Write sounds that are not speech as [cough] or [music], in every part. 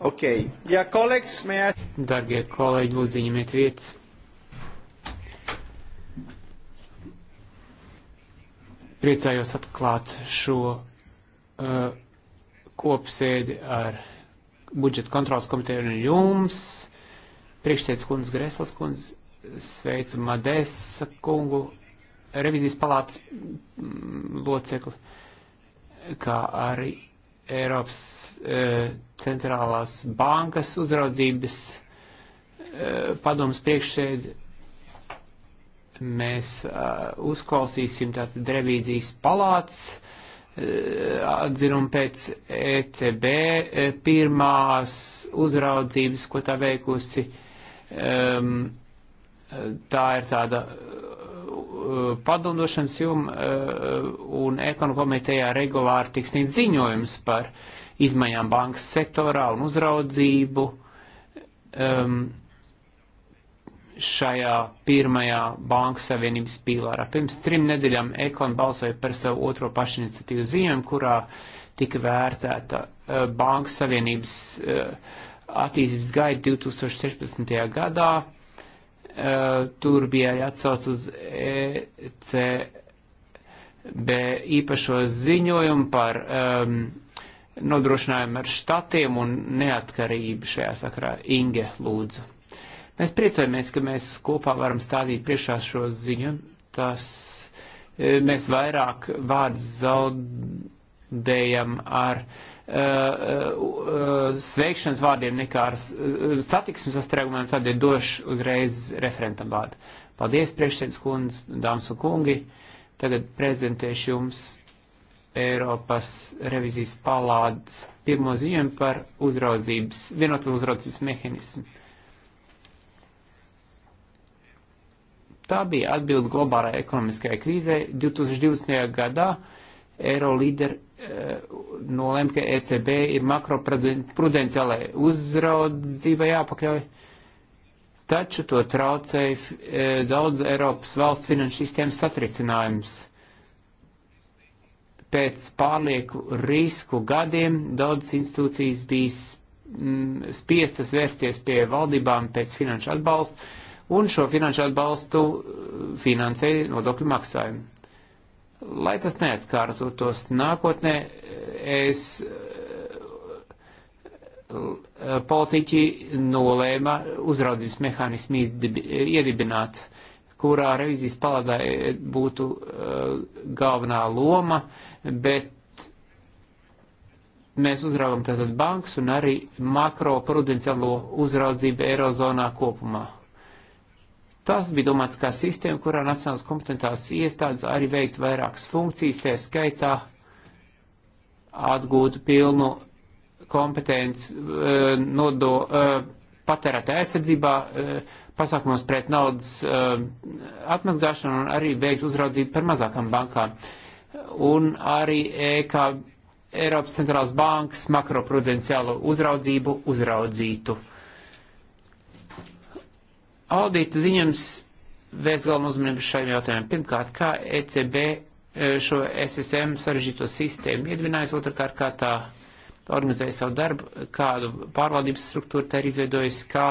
Okay. Yeah, colleagues, may I... Dargie kolēģi, lūdzu, ņemiet vietas. Priecājos atklāt šo uh, kopsēdi ar budžeta kontrolas komiteju un jums. Priekšsēdus kundz Greslas kundz, sveicu Madesa kungu, revizijas palātas mm, locekli. Uh, kā arī Eiropas e, centrālās bankas uzraudzības e, padoms priekšsēdi. Mēs e, uzklausīsim tātad revīzijas palāts e, atzinumu pēc ECB e, pirmās uzraudzības, ko tā veikusi. Um, tā ir tāda Eh, padomdošanas jums eh, un ekonomikomitejā regulāri tiks sniegt ziņojums par izmaiņām bankas sektorā un uzraudzību um, šajā pirmajā banku savienības pīlārā. Pirms trim nedēļām Ekon balsoja par savu otro pašiniciatīvu ziņojumu, kurā tika vērtēta uh, banku savienības uh, attīstības gaida 2016. gadā Uh, tur bija jāatsauc uz ECB īpašo ziņojumu par um, nodrošinājumu ar štatiem un neatkarību šajā sakarā. Inge, lūdzu. Mēs priecamies, ka mēs kopā varam stādīt priekšā šo ziņu. Tas eh, mēs vairāk vārds zaudējam ar uh, Uh, uh, sveikšanas vārdiem nekā ar uh, satiksmes sastrēgumiem, tad ir došu uzreiz referentam vārdu. Paldies, priekšsēdus kundze, dāmas un kungi. Tagad prezentēšu jums Eiropas revizijas palādes pirmo ziņojumu par uzraudzības, vienotu uzraudzības mehānismu. Tā bija atbilde globālajai ekonomiskajai krīzē 2020. gadā. Eiro līderi nolēma, ka ECB ir makroprudenciālai uzraudzībai jāpakļauj, taču to traucēja e, daudz Eiropas valsts finanšu sistēmas satricinājums. Pēc pārlieku risku gadiem daudzas institūcijas bija mm, spiestas vērsties pie valdībām pēc finanšu atbalsta, un šo finanšu atbalstu e, finansēja nodokļu maksājumu Lai tas neatkārtotos nākotnē, es eh, politiķi nolēma uzraudzības mehānismu iedibināt, kurā revizijas palādā eh, būtu eh, galvenā loma, bet mēs uzraugam tātad bankas un arī makroprudenciālo uzraudzību Eirozonā kopumā. Tas bija domāts kā sistēma, kurā nacionālas kompetentās iestādes arī veikt vairākas funkcijas, tā skaitā atgūtu pilnu kompetenci eh, nodo eh, patērētā aizsardzībā, eh, pasākumos pret naudas atmazgāšanu un arī veikt uzraudzību par mazākām bankām. Un arī e kā Eiropas centrālās bankas makroprudenciālo uzraudzību uzraudzītu. Audita ziņojums vēst galvenu uzmanību šajam jautājumam. Pirmkārt, kā ECB e, šo SSM sarežģīto sistēmu iedvinājas, otrkārt, kā tā organizēja savu darbu, kādu pārvaldības struktūru tā ir izveidojusi, kā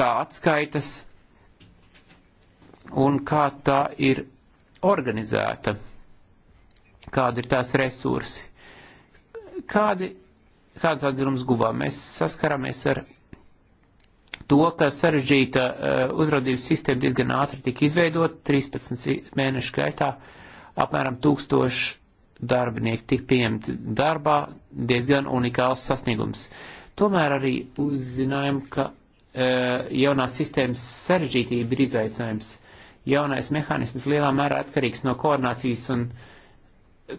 tā atskaitas un kā tā ir organizēta, kādi ir tās resursi, kādi, kāds atzirums guvā. Mēs saskaramies ar to, ka sarežģīta eh, uzraudzības sistēma diezgan ātri tika izveidot, 13 mēnešu gaitā apmēram 1000 darbinieki tika pieņemti darbā, diezgan unikāls sasniegums. Tomēr arī uzzinājām, ka eh, jaunās sistēmas sarežģītība ir izaicinājums. Jaunais mehānisms lielā mērā atkarīgs no koordinācijas un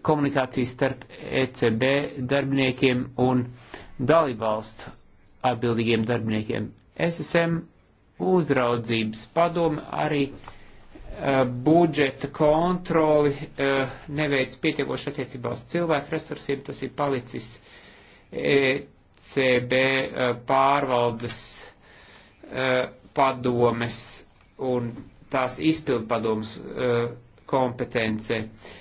komunikācijas starp ECB darbiniekiem un dalībvalstu atbildīgiem darbiniekiem. SSM uzraudzības padome arī uh, budžeta kontroli uh, neveic pietiekoši attiecībā uz cilvēku resursiem, tas ir palicis ECB uh, eh, pārvaldes padomes un tās izpildu padomes kompetence. Uh,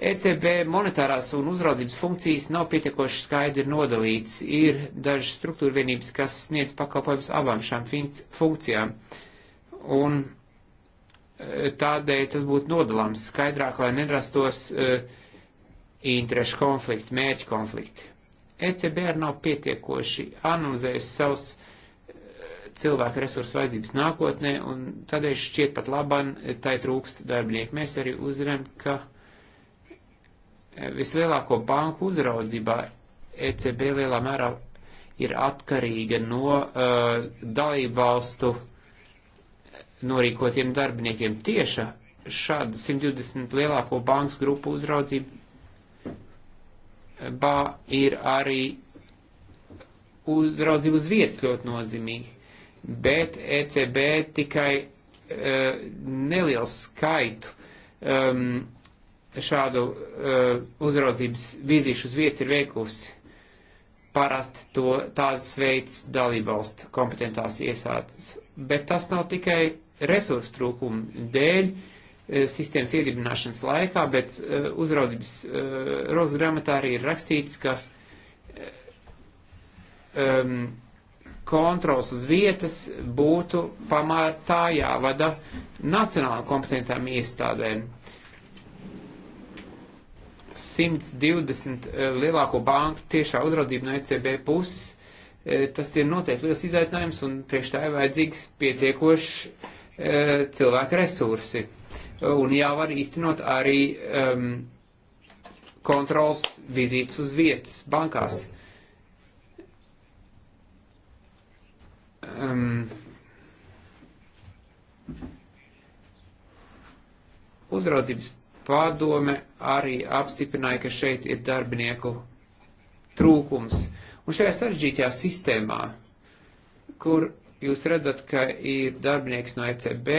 ECB monetārās un uzraudzības funkcijas nav pietiekoši skaidri nodalīts. Ir dažas struktūra vienības, kas sniedz pakalpojumus abām šām funkcijām. Un e, tādēļ tas būtu nodalāms skaidrāk, lai nerastos uh, interešu konflikti, mērķu konflikti. ECB arī nav pietiekoši analizējis savus e, cilvēku resursu vajadzības nākotnē, un tādēļ šķiet pat laban, tai trūkst darbinieku. Mēs arī uzzinām, ka uh, vislielāko banku uzraudzībā ECB lielā mērā ir atkarīga no uh, dalību valstu norīkotiem darbiniekiem. Tieša šāda 120 lielāko bankas grupu uzraudzībā ir arī uzraudzība uz vietas ļoti nozīmīga, bet ECB tikai uh, nelielu skaitu um, šādu uh, uzraudzības vizīšu uz vietas ir veikusi. Parasti to tāds veids dalībvalstu kompetentās iesātas. Bet tas nav tikai resursu trūkumu dēļ eh, sistēmas iedibināšanas laikā, bet uh, uzraudzības uh, rozes grāmatā arī ir rakstīts, ka um, kontrols uz vietas būtu pamatā jāvada nacionāla kompetentām iestādēm 120 eh, lielāko banku tiešā uzraudzība no ECB puses. Eh, tas ir noteikti liels izaicinājums un priekš tā ir vajadzīgs pietiekoši eh, cilvēku resursi. Un jāvar īstenot arī um, kontrols vizītes uz vietas bankās. Um, uzraudzības Padome arī apstiprināja, ka šeit ir darbinieku trūkums. Un šajā sarežģītajā sistēmā, kur jūs redzat, ka ir darbinieks no ECB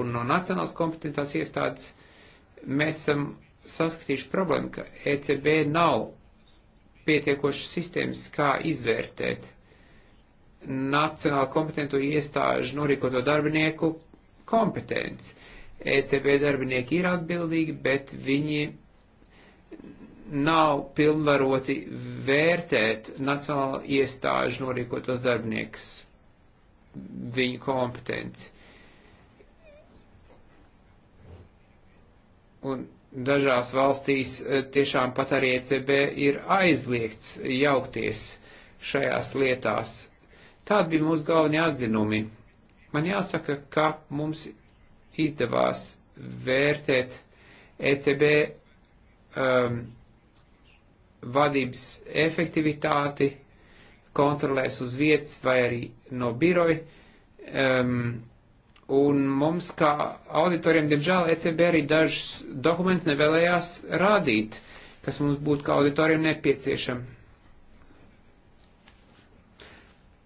un no Nacionālas kompetentās iestādes, mēs esam saskatījuši problēmu, ka ECB nav pietiekoši sistēmas, kā izvērtēt nacionāli kompetento iestāžu norīkoto darbinieku kompetenci. ECB darbinieki ir atbildīgi, bet viņi nav pilnvaroti vērtēt nacionāla iestāžu norīkotos darbiniekus, viņu kompetenci. Un dažās valstīs e, tiešām pat arī ECB ir aizliegts jaukties šajās lietās. Tādi bija mūsu galvenie atzinumi. Man jāsaka, ka mums izdevās vērtēt ECB um, vadības efektivitāti, kontrolēs uz vietas vai arī no biroja. Um, un mums, kā auditoriem, diemžēl ECB arī dažus dokumentus nevēlējās rādīt, kas mums būtu kā auditoriem nepieciešami.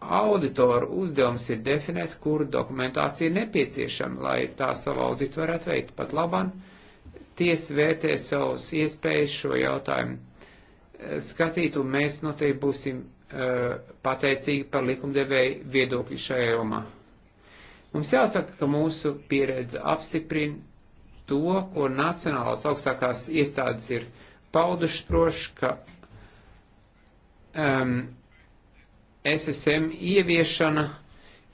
auditoru uzdevums ir definēt, kur dokumentācija ir nepieciešama, lai tā savu auditu varētu veikt. Pat labam tiesa vērtē savus iespējas šo jautājumu eh, skatīt, un mēs noteikti būsim uh, pateicīgi par likumdevēju viedokļu šajā jomā. Mums jāsaka, ka mūsu pieredze apstiprina to, ko nacionālās augstākās iestādes ir paudušas proši, ka um, SSM ieviešana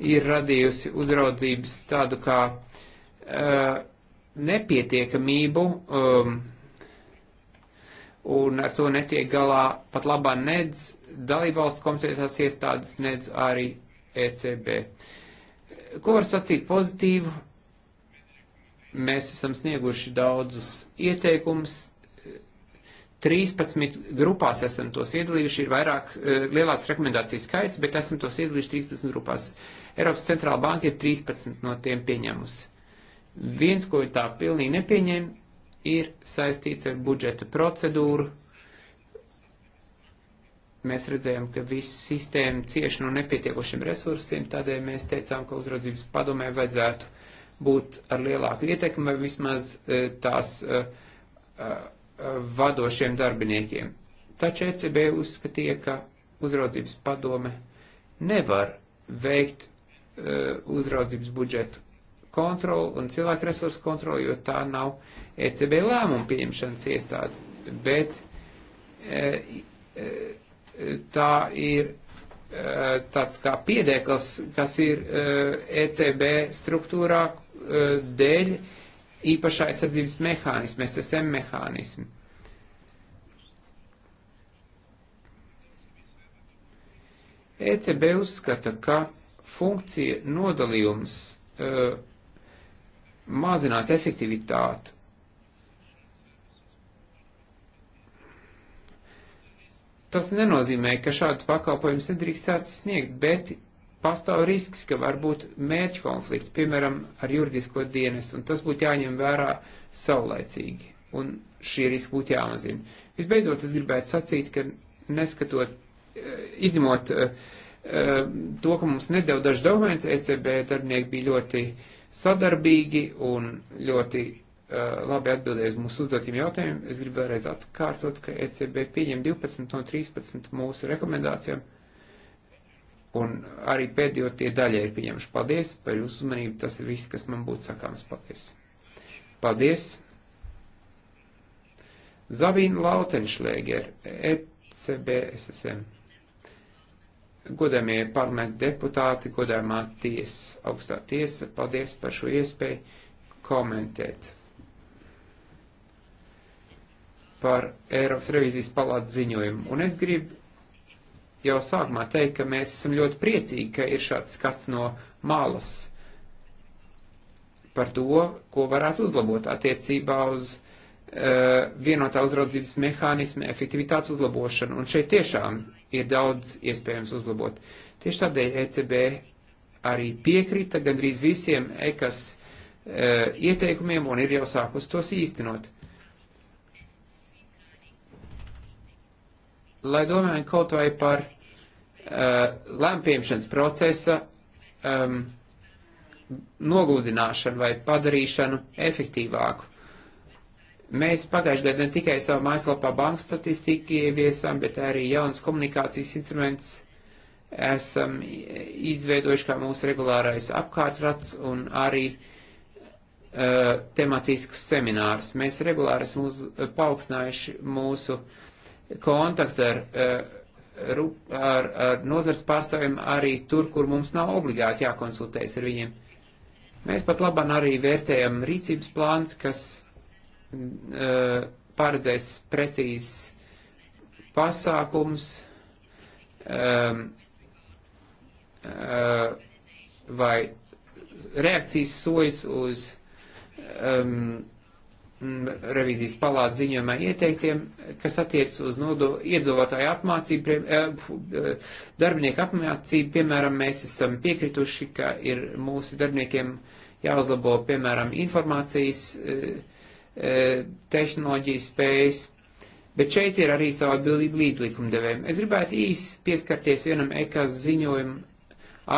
ir radījusi uzraudzības tādu kā uh, nepietiekamību, um, un ar to netiek galā pat labā nedz dalībvalstu kompetentās iestādes, nedz arī ECB. Ko var sacīt pozitīvu? Mēs esam snieguši daudzus ieteikumus, 13 grupās esam tos iedalījuši, ir vairāk e, lielās rekomendācijas skaits, bet esam tos iedalījuši 13 grupās. Eiropas centrāla banka ir 13 no tiem pieņēmusi. Viens, ko tā pilnīgi nepieņēma, ir saistīts ar budžeta procedūru. Mēs redzējām, ka viss sistēma cieši no nepietiekošiem resursiem, tādēļ mēs teicām, ka uzraudzības padomē vajadzētu būt ar lielāku ietekmi, vismaz e, tās uh, vadošiem darbiniekiem. Taču ECB uzskatīja, ka uzraudzības padome nevar veikt uh, uzraudzības budžetu kontroli un cilvēku resursu kontroli, jo tā nav ECB lēmuma pieņemšanas iestāde, bet uh, uh, tā ir tāds kā piedēklis, kas ir ECB struktūrā dēļ īpašā aizsardzības mehānismu, SSM mehānismu. ECB uzskata, ka funkcija nodalījums uh, mazināt efektivitāti. Tas nenozīmē, ka šādu pakalpojumus nedrīkstētu sniegt, bet pastāv risks, ka var būt mērķu konflikti, piemēram, ar juridisko dienas, un tas būtu jāņem vērā saulēcīgi, un šie riski būtu jāmazina. Visbeidzot, es gribētu sacīt, ka neskatot, eh, izņemot eh, eh, to, ka mums nedēļ daži dokuments, ECB darbinieki bija ļoti sadarbīgi un ļoti labi atbildēja uz mūsu uzdotiem jautājumiem. Es gribu vēlreiz atkārtot, ka ECB pieņem 12 no 13 mūsu rekomendācijām Un arī pēdējo tie daļai ir pieņemši. Paldies par jūsu uzmanību. Tas ir viss, kas man būtu sakāms. Paldies. Paldies. Zavīna Lautenšlēger, ECBSSM. Godamie parlamenta deputāti, godamā tiesa, augstā tiesa, paldies par šo iespēju komentēt par Eiropas revizijas palātas ziņojumu. Un es gribu jau sākumā teikt, ka mēs esam ļoti priecīgi, ka ir šāds skats no malas par to, ko varētu uzlabot attiecībā uz uh, vienotā uzraudzības mehānismu efektivitātes uzlabošanu. Un šeit tiešām ir daudz iespējams uzlabot. Tieši tādēļ ECB arī piekrita gandrīz visiem ekas uh, e, ieteikumiem un ir jau sākus tos īstenot. Lai domājam kaut vai par Uh, lēmpieņemšanas procesa um, nogludināšanu vai padarīšanu efektīvāku. Mēs pagājušajā gadā ne tikai savā mājaslapā banka statistiku ieviesām, bet arī jaunas komunikācijas instruments esam izveidojuši kā mūsu regulārais apkārtrats un arī uh, tematiskus seminārus. Mēs regulāri esam uz, uh, paaugstinājuši mūsu kontaktu ar uh, ar, ar nozars pārstāvjiem arī tur, kur mums nav obligāti jākonsultējas ar viņiem. Mēs pat labāk arī vērtējam rīcības plāns, kas uh, paredzēs precīzi pasākums um, uh, vai reakcijas sojas uz um, Mm, revīzijas palātas ziņojumā ieteiktiem, kas attiec uz nodo, iedzīvotāju apmācību, eh, eh, darbinieku apmācību, piemēram, mēs esam piekrituši, ka ir mūsu darbiniekiem jāuzlabo, piemēram, informācijas eh, tehnoloģijas spējas, bet šeit ir arī savu atbildību līdzlikumdevējiem. Es gribētu īsi pieskarties vienam ekas ziņojumu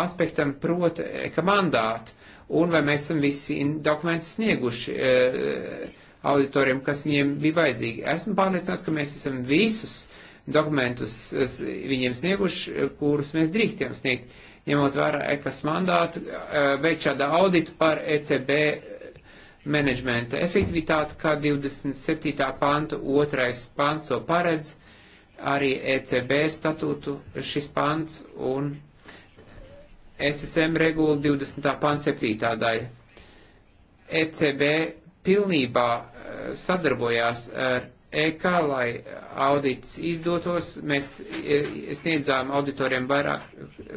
aspektam, proti, eka mandātu, un vai mēs esam visi dokumentus snieguši. E, auditoriem, kas viņiem bija vajadzīgi. Esmu pārliecināts, ka mēs esam visus dokumentus viņiem snieguši, kurus mēs drīkstiem sniegt, ņemot vērā ECAS mandātu, veikt šādu auditu par ECB menedžmenta efektivitāti, kā 27. pantu otrais pants to paredz, arī ECB statūtu šis pants un SSM regula 20. pants 7. daļa. ECB pilnībā eh, sadarbojās ar EK, lai audits izdotos. Mēs eh, sniedzām auditoriem vairāk,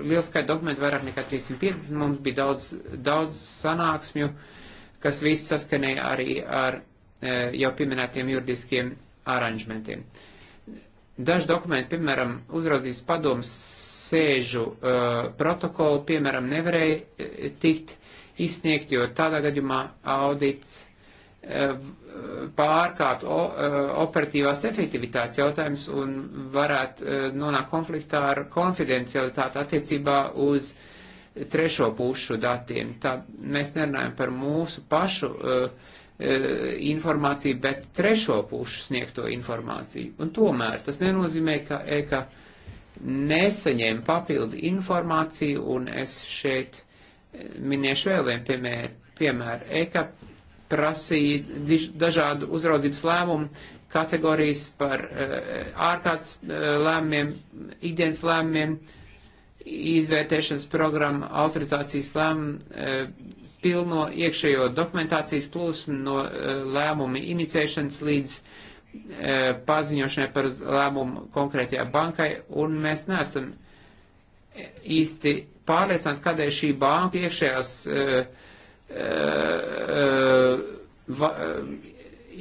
liels skaits dokumentu, vairāk nekā 350. Mums bija daudz, daudz sanāksmju, kas viss saskanēja arī ar eh, jau pieminētiem juridiskiem aranžmentiem. Daži dokumenti, piemēram, uzraudzības padomas sēžu uh, protokolu, piemēram, nevarēja tikt izsniegt, jo tādā gadījumā audits Eh, pārkāpt eh, operatīvās efektivitātes jautājums un varētu eh, nonākt konfliktā ar konfidencialitāti attiecībā uz trešo pušu datiem. Tā mēs nerunājam par mūsu pašu informāciju, bet trešo pušu sniegto informāciju. Un tomēr tas nenozīmē, ka EKA nesaņēma papildu informāciju, un es šeit minēšu vēl vienu piemēru. piemēru EKA prasīja diž, dažādu uzraudzības lēmumu kategorijas par eh, ārkārtas eh, lēmumiem, ikdienas lēmumiem, izvērtēšanas programmu, autorizācijas lēmumu, eh, pilno iekšējo dokumentācijas plūsmu no lēmumi inicēšanas līdz paziņošanai par lēmumu konkrētajā bankai, un mēs neesam īsti pārliecināti, kādēļ šī banka iekšējās uh, va,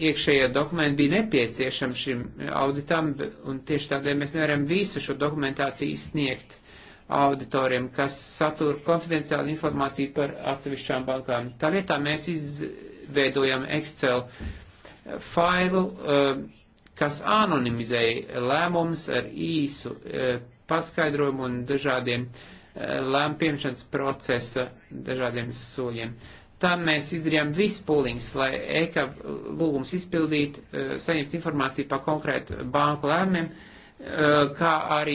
iekšējie dokumenti bija nepieciešami šim auditam, un tieši tādēļ mēs nevaram visu šo dokumentāciju izsniegt auditoriem, kas satura konfidenciālu informāciju par atsevišķām bankām. Tā vietā mēs izveidojam Excel failu, kas anonimizēja lēmumus ar īsu paskaidrojumu un dažādiem lēmu pieņemšanas procesa dažādiem soļiem. Uh, Tam mēs izdarījām visu pūliņus, lai EKA lūgums izpildītu, eh, saņemt informāciju par konkrētu banku lēmumiem, eh, kā arī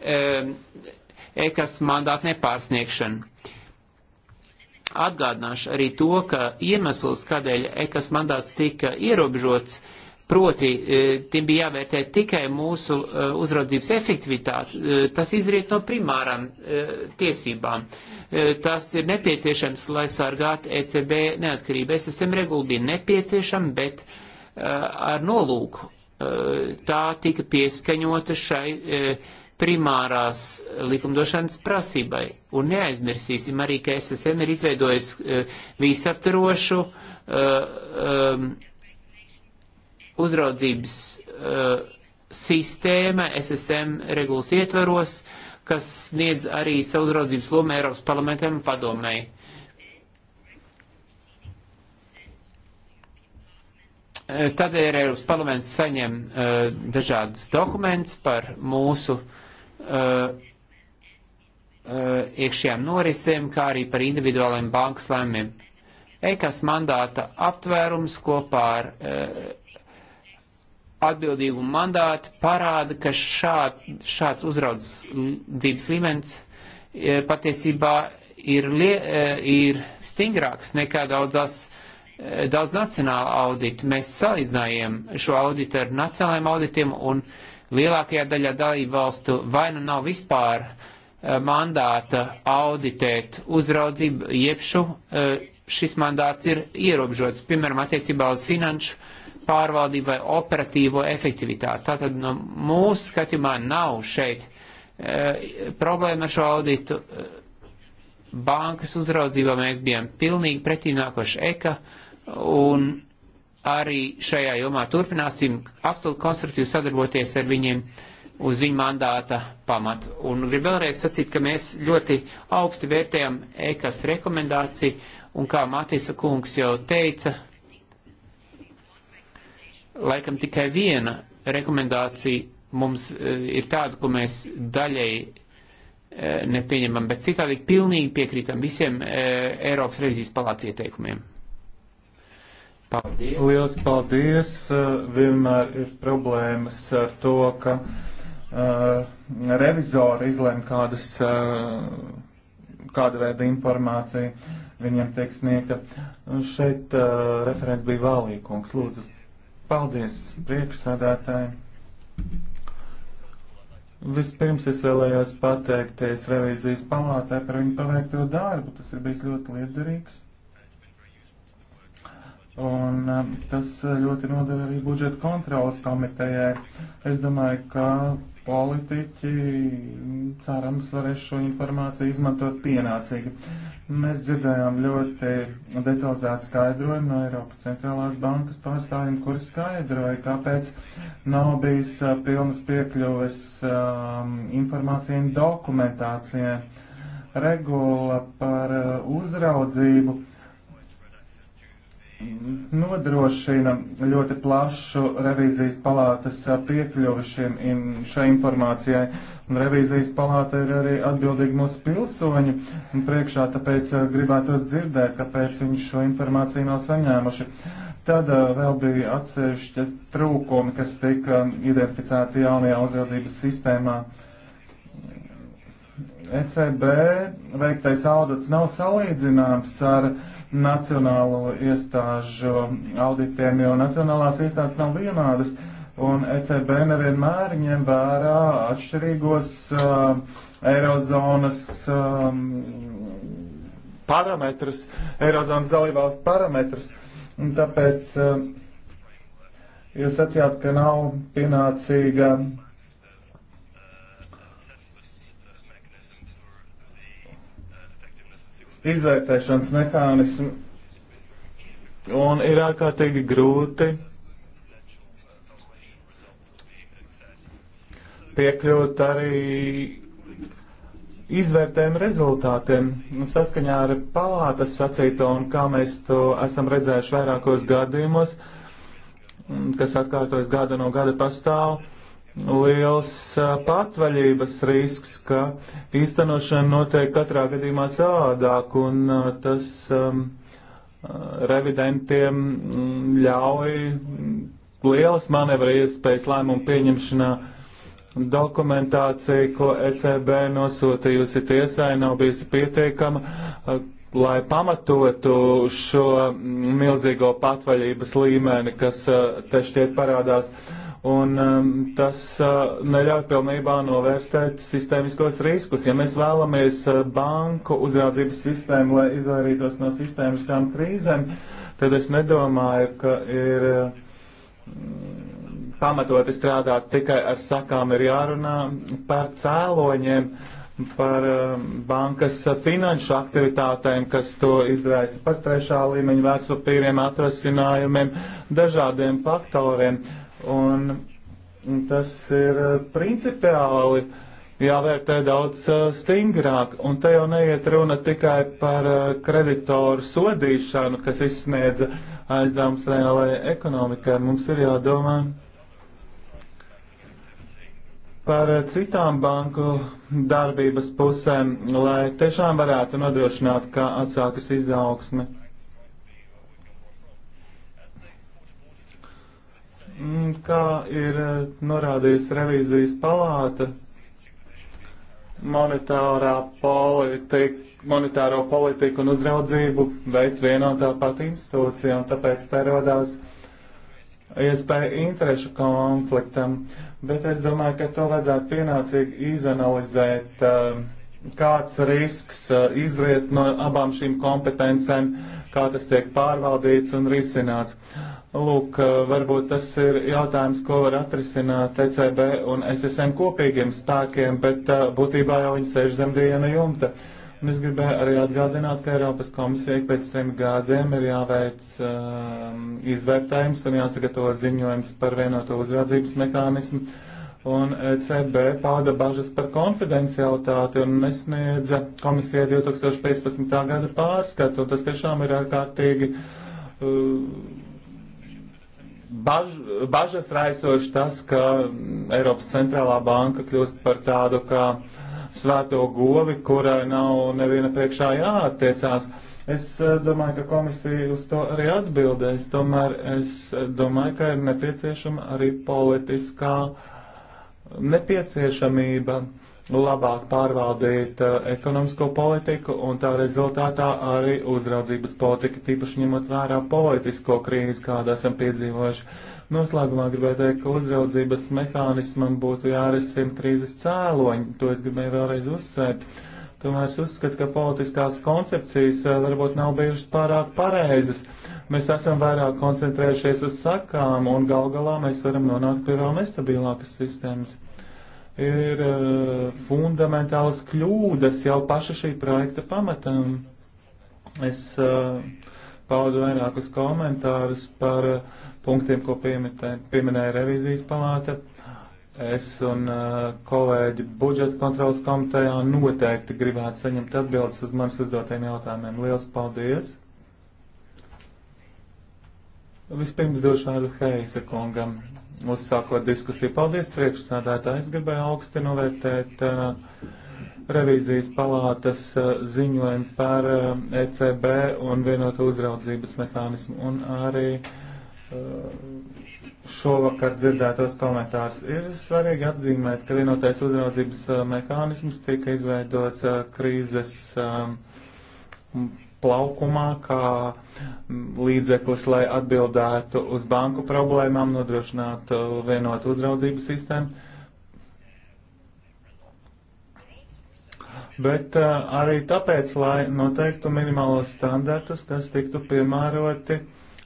EKAS eh, e mandātu nepārsniegšanu. Atgādināšu arī to, ka iemesls, kādēļ EKAS mandāts tika ierobežots, uh, Proti, e, tiem bija jāvērtē tikai mūsu e, uzraudzības efektivitāte. E, tas izriet no primārām tiesībām. Tas ir nepieciešams, lai sargātu ECB neatkarību. SSM regula bija nepieciešama, bet ar nolūku tā tika pieskaņota šai primārās likumdošanas prasībai. Un neaizmirsīsim arī, ka SSM ir izveidojis visaptarošu uh, um, uzraudzības uh, sistēma SSM regulas ietvaros, kas sniedz arī savu uzraudzības lomu Eiropas parlamentam un padomēji. Uh, tad ir Eiropas parlaments saņem uh, dažādas dokumentus par mūsu uh, uh, iekšējām norisēm, kā arī par individuāliem bankas lēmumiem. EKAS mandāta aptvērums kopā ar uh, atbildīgu mandātu parāda, ka šād, šāds uzraudzības līmenis eh, patiesībā ir, lie, eh, ir stingrāks nekā daudzās eh, daudz nacionāla audita. Mēs salīdzinājām šo auditu ar nacionālajiem auditiem un lielākajā daļā dalību valstu vai nu nav vispār mandāta auditēt uzraudzību, jeb šu, šis mandāts ir ierobežots, piemēram, attiecībā uz finanšu uh, pārvaldībai operatīvo efektivitāti. Tātad no nu, mūsu skatījumā nav šeit e, problēma ar šo auditu. Bankas uzraudzībā mēs bijām pilnīgi pretīnākoši eka un arī šajā jomā turpināsim absolūti konstruktīvi sadarboties ar viņiem uz viņa mandāta pamatu. Un gribu vēlreiz sacīt, ka mēs ļoti augsti vērtējam ekas rekomendāciju un kā Matisa kungs jau teica, Laikam tikai viena rekomendācija mums e, ir tāda, ko mēs daļai e, nepieņemam, bet citādi pilnīgi piekrītam visiem e, Eiropas revizijas palāca ieteikumiem. Paldies. Lielas paldies. Vienmēr ir problēmas ar to, ka uh, revizori izlēma kādas, uh, kāda veida informācija viņiem tiek sniegta. Šeit uh, referents bija Vālīkungs. Lūdzu. Paldies, priekšsādātāji! Vispirms es vēlējos pateikties revīzijas palātē par viņu paveikto darbu. Tas ir bijis ļoti liederīgs. Un tas ļoti nodara arī budžeta kontrolas komitejai. Es domāju, ka politiķi, cerams, varēs šo informāciju izmantot pienācīgi. Mēs dzirdējām ļoti detalizētu skaidrojumu no Eiropas centrālās bankas pārstāvjiem, kur skaidroja, kāpēc nav bijis pilnas piekļuves um, informācijai un dokumentācijai. Regula par uzraudzību nodrošina ļoti plašu revīzijas palātas uh, piekļuvi šim, in, šai informācijai. Un revīzijas palāta ir arī atbildīga mūsu pilsoņu priekšā, tāpēc uh, gribētos dzirdēt, kāpēc viņi šo informāciju nav saņēmuši. Tad uh, vēl bija atsevišķi trūkumi, kas tika identificēti jaunajā uzraudzības sistēmā. ECB veiktais audits nav salīdzināms ar uh, nacionālo iestāžu auditiem, jo nacionālās iestādes nav vienādas, un ECB nevienmēr ņem vērā atšķirīgos uh, Eirozonas um, parametrus, Eirozonas dalībvalstu parametrus. Un tāpēc uh, jūs sacījāt, ka nav pienācīga izvērtēšanas mehānismu, un ir ārkārtīgi grūti piekļūt arī izvērtējumu rezultātiem saskaņā ar palātas sacīto un kā mēs to esam redzējuši vairākos gadījumos, kas atkārtojas gada no gada pastāv liels patvaļības risks, ka īstenošana notiek katrā gadījumā savādāk, un tas um, revidentiem mm, ļauj lielas manevra iespējas lēmumu pieņemšanā. Dokumentācija, ko ECB nosūtījusi tiesai, nav bijusi pietiekama, lai pamatotu šo mm, milzīgo patvaļības līmeni, kas te šķiet parādās. Uh, un um, tas uh, neļauj pilnībā novērstēt sistēmiskos riskus. Ja mēs vēlamies uh, banku uzraudzības sistēmu, lai izvairītos no sistēmiskām krīzēm, tad es nedomāju, ka ir uh, pamatoti strādāt tikai ar sakām, ir jārunā par cēloņiem, par uh, bankas finanšu aktivitātēm, kas to izraisa, par trešā līmeņa vērtspapīriem, atrasinājumiem, dažādiem faktoriem. Uh, Un tas ir eh, principiāli jāvērtē daudz eh, stingrāk. Un te jau neiet runa tikai par eh, kreditoru sodīšanu, kas izsniedza aizdevums reālajai ekonomikai. Mums ir jādomā par citām banku darbības pusēm, lai tiešām varētu nodrošināt, kā atsākas izaugsme. Mm, kā ir eh, norādījusi revīzijas palāta, monetārā politika, monetāro politiku un uzraudzību veids vienotā pati institūcija, un tāpēc te rodās iespēja interešu konfliktam. Bet es domāju, ka to vajadzētu pienācīgi izanalizēt, eh, kāds risks eh, izriet no abām šīm kompetencēm, kā tas tiek pārvaldīts un risināts. Lūk, eh, varbūt tas ir jautājums, ko var atrisināt ECB un SSM kopīgiem spēkiem, bet eh, būtībā jau viņi sēž zem viena jumta. Un es gribēju arī atgādināt, ka Eiropas komisija pēc trim gadiem ir jāveic um, izvērtējums un jāsagatavo ziņojums par vienoto uzraudzības mehānismu. Un ECB pauda bažas par konfidencialitāti un nesniedza komisijai 2015. gada pārskatu. Un tas tiešām ir ārkārtīgi. Uh, baž, bažas raisoši tas, ka Eiropas centrālā banka kļūst par tādu kā svēto govi, kurai nav neviena priekšā jāattiecās. Es eh, domāju, ka komisija uz to arī atbildēs, tomēr es eh, domāju, ka ir nepieciešama arī politiskā nepieciešamība labāk pārvaldīt uh, ekonomisko politiku un tā rezultātā arī uzraudzības politika, tīpaši ņemot vērā politisko krīzi, kādu esam piedzīvojuši. Noslēgumā gribēju teikt, ka uzraudzības mehānismam būtu jārisina krīzes cēloņi, to es gribēju vēlreiz uzsvērt. Tomēr es uzskatu, ka politiskās koncepcijas uh, varbūt nav bijušas pārāk pareizas. Mēs esam vairāk koncentrējušies uz sakām un gal galā mēs varam nonākt pie vēl nestabilākas sistēmas ir uh, fundamentāls kļūdas jau paša šī projekta pamatam. Es uh, paudu vairākus komentārus par uh, punktiem, ko pieminēja revizijas palāta. Es un kolēģi budžeta kontrolas komitejā noteikti gribētu saņemt atbildes uz manas uzdotiem jautājumiem. Liels paldies! Vispirms došu vārdu Heisa kungam uzsākot diskusiju. Paldies, priekšsādātāji. Es gribēju augsti novērtēt uh, revīzijas palātas uh, ziņojumu par uh, ECB un vienotu uzraudzības mehānismu un arī uh, šovakar dzirdētos komentārus. Ir svarīgi atzīmēt, ka vienotais uzraudzības uh, mehānisms tika izveidots uh, krīzes um, plaukumā, kā mm, līdzeklis, lai atbildētu uz banku problēmām, nodrošinātu uh, vienotu uzraudzību sistēmu. Bet uh, arī tāpēc, lai noteiktu minimālos standartus, kas tiktu piemēroti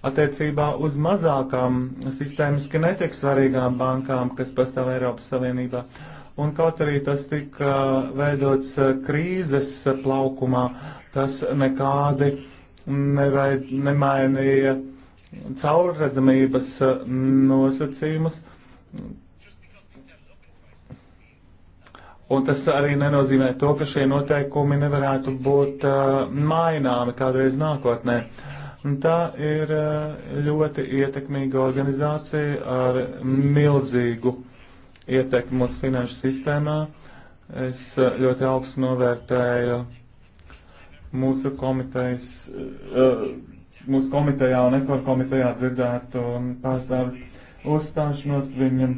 attiecībā uz mazākām sistēmiski netik svarīgām bankām, kas pastāv Eiropas Savienībā. Un kaut arī tas tika uh, veidots uh, krīzes plaukumā, Tas nekādi nevaid, nemainīja caurredzamības uh, nosacījumus. Un tas arī nenozīmē to, ka šie noteikumi nevarētu būt uh, maināmi kādreiz nākotnē. Un tā ir uh, ļoti ietekmīga organizācija ar milzīgu ietekmi mūsu finanšu sistēmā. Es uh, ļoti augstu novērtēju uh, mūsu komitejas, eh, eh, mūsu komitejā un ekor komitejā dzirdētu pārstāvis uzstāšanos. Viņam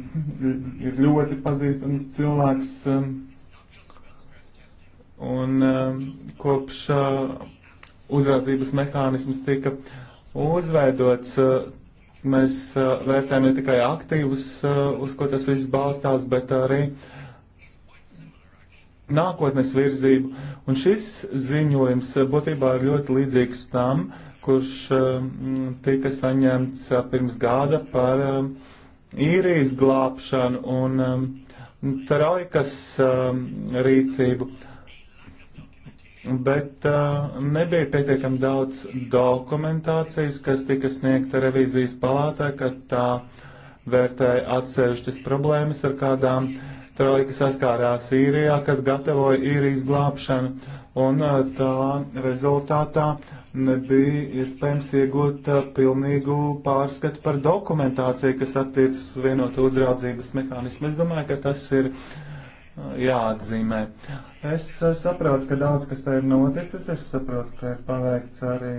ir ļoti pazīstams cilvēks. Eh, un kopš uzraudzības mehānisms tika uzveidots, mēs vērtējam ne tikai aktīvus, uz ko tas viss balstās, bet arī uh, nākotnes virzību. Un šis ziņojums eh, būtībā ir ļoti līdzīgs tam, kurš eh, tika saņemts eh, pirms gada par īrijas glābšanu un trojkas rīcību. Bet nebija pietiekami daudz dokumentācijas, kas tika sniegta revīzijas palātā, kad tā vērtēja atsevišķas problēmas, ar kādām uh, trojka saskārās Sīrijā, kad gatavoja īrijas glābšanu, un uh, tā rezultātā nebija iespējams iegūt uh, pilnīgu pārskatu par dokumentāciju, kas attiecas uz vienotu uzraudzības mehānismu. Es domāju, ka tas ir uh, jāatzīmē. Es saprotu, ka daudz kas te ir noticis, es saprotu, ka ir paveikts arī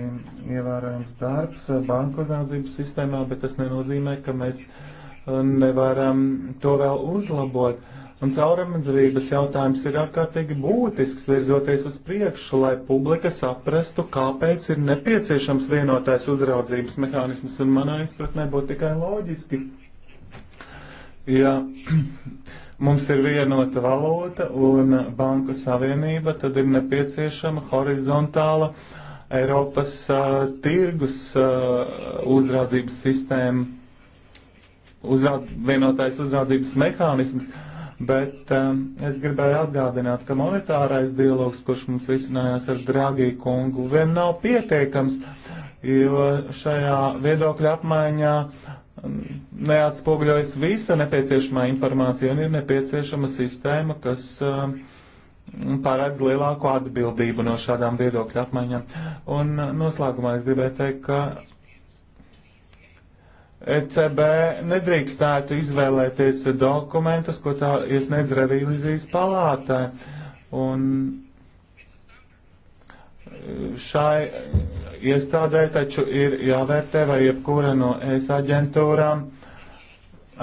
ievērojams darbs banku uzraudzības sistēmā, bet tas nenozīmē, ka mēs nevaram to vēl uzlabot. Uh, Un caurredzības jautājums ir ārkārtīgi būtisks virzoties uz priekšu, lai publika saprastu, kāpēc ir nepieciešams vienotais uzraudzības mehānisms. Un manā izpratnē būtu tikai loģiski. Ja [clears throat] mums ir vienota valūta un banku savienība, tad ir nepieciešama horizontāla Eiropas uh, tirgus uh, uzraudzības sistēma, uzraud, vienotais uzraudzības mehānisms. Uh, bet um, es gribēju atgādināt, ka monetārais dialogs, kurš mums visinājās ar Dragī kungu, vien nav pietiekams, jo šajā viedokļa apmaiņā um, neatspoguļojas visa nepieciešamā informācija un ir nepieciešama sistēma, kas um, paredz lielāku atbildību no šādām viedokļu apmaiņām. Un uh, noslēgumā es gribēju teikt, ka ECB nedrīkstētu izvēlēties dokumentus, ko tā iesniedz revīzijas palātē. Un šai iestādē taču ir jāvērtē, vai jebkura no ES aģentūrām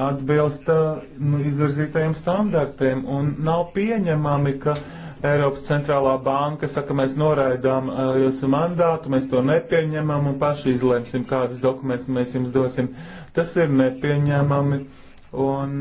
atbilst nu, izvirzītajiem standartiem. Un nav pieņemami, ka uh, Eiropas centrālā banka saka, mēs noraidām uh, jūsu mandātu, mēs to nepieņemam un paši izlemsim, kādas dokumentus mēs jums dosim. Tas ir nepieņemami un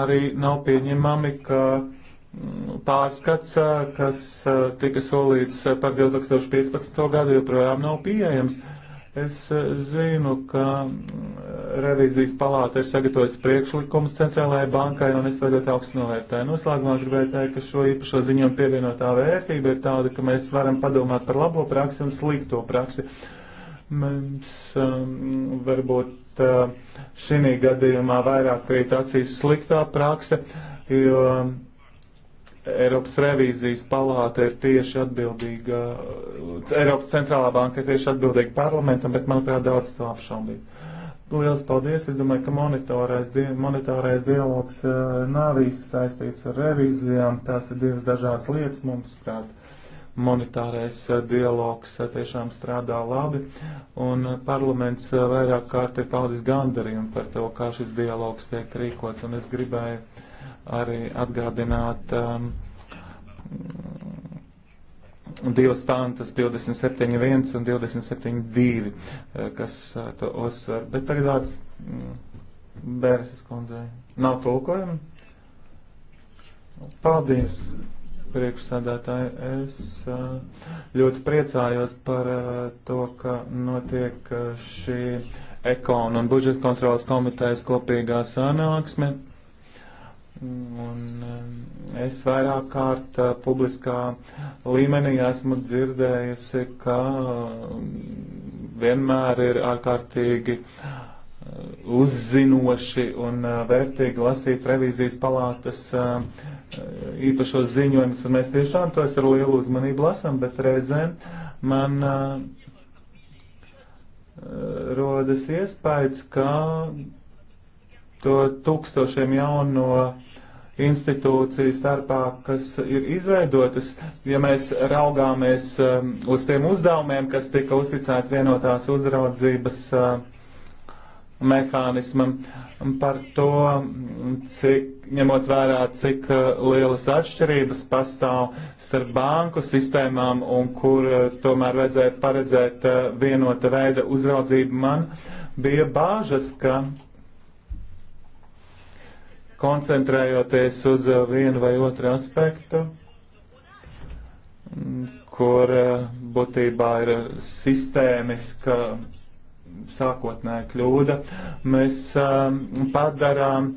arī nav pieņemami, ka mm, pārskats, uh, kas uh, tika solīts uh, par 2015. gadu, joprojām nav pieejams. Uh, Es eh, zinu, ka mm, revizijas palāta ir sagatavojusi priekšlikumus centrālajai bankai, un es tagad augstu novērtēju. Noslēgumā gribēju teikt, ka šo īpašo ziņojumu pievienotā vērtība ir tāda, ka mēs varam padomāt par labo praksi un slikto praksi. Mums um, varbūt uh, šī gadījumā vairāk krīt acīs sliktā prakse, jo. Um, Eiropas revīzijas palāta ir tieši atbildīga, Eiropas centrālā banka ir tieši atbildīga parlamentam, bet manuprāt daudz to apšaubīt. Lielas paldies! Es domāju, ka monetārais, di monetārais dialogs e, nav īsti saistīts ar revīzijām. Tās ir divas dažādas lietas mums, prāt. Monetārais e, dialogs e, tiešām strādā labi, un parlaments vairāk kārt ir paudis gandarījumu par to, kā šis dialogs tiek rīkots, un es gribēju arī atgādināt um, divas pantas, 27.1 un 27.2, eh, kas eh, to uzsver. Bet tagad vārds mm, Bēreses kundzei. Nav tulkojumi? Paldies, priekšsādātāji. Es eh, ļoti priecājos par to, ka notiek šī ekonu un budžeta kontrolas komitejas kopīgā sanāksme Un eh, es vairāk kārt eh, publiskā līmenī esmu dzirdējusi, ka mm, vienmēr ir ārkārtīgi eh, uzzinoši un vērtīgi lasīt revīzijas palātas īpašos ziņojumus. Un mēs tiešām to es ar lielu uzmanību lasam, bet reizēm man rodas iespējas, ka to tūkstošiem jauno institūciju starpā, kas ir izveidotas. Ja mēs raugāmies um, uz tiem uzdevumiem, kas tika uzticēti vienotās uzraudzības uh, mehānismam, par to, mm, cik, ņemot vērā, cik uh, lielas atšķirības pastāv starp banku sistēmām un kur uh, tomēr vajadzēja paredzēt uh, vienota veida uzraudzību, man bija bāžas, ka koncentrējoties uz uh, vienu vai otru aspektu, kur uh, būtībā ir uh, sistēmiska sākotnēja kļūda, mēs um, padarām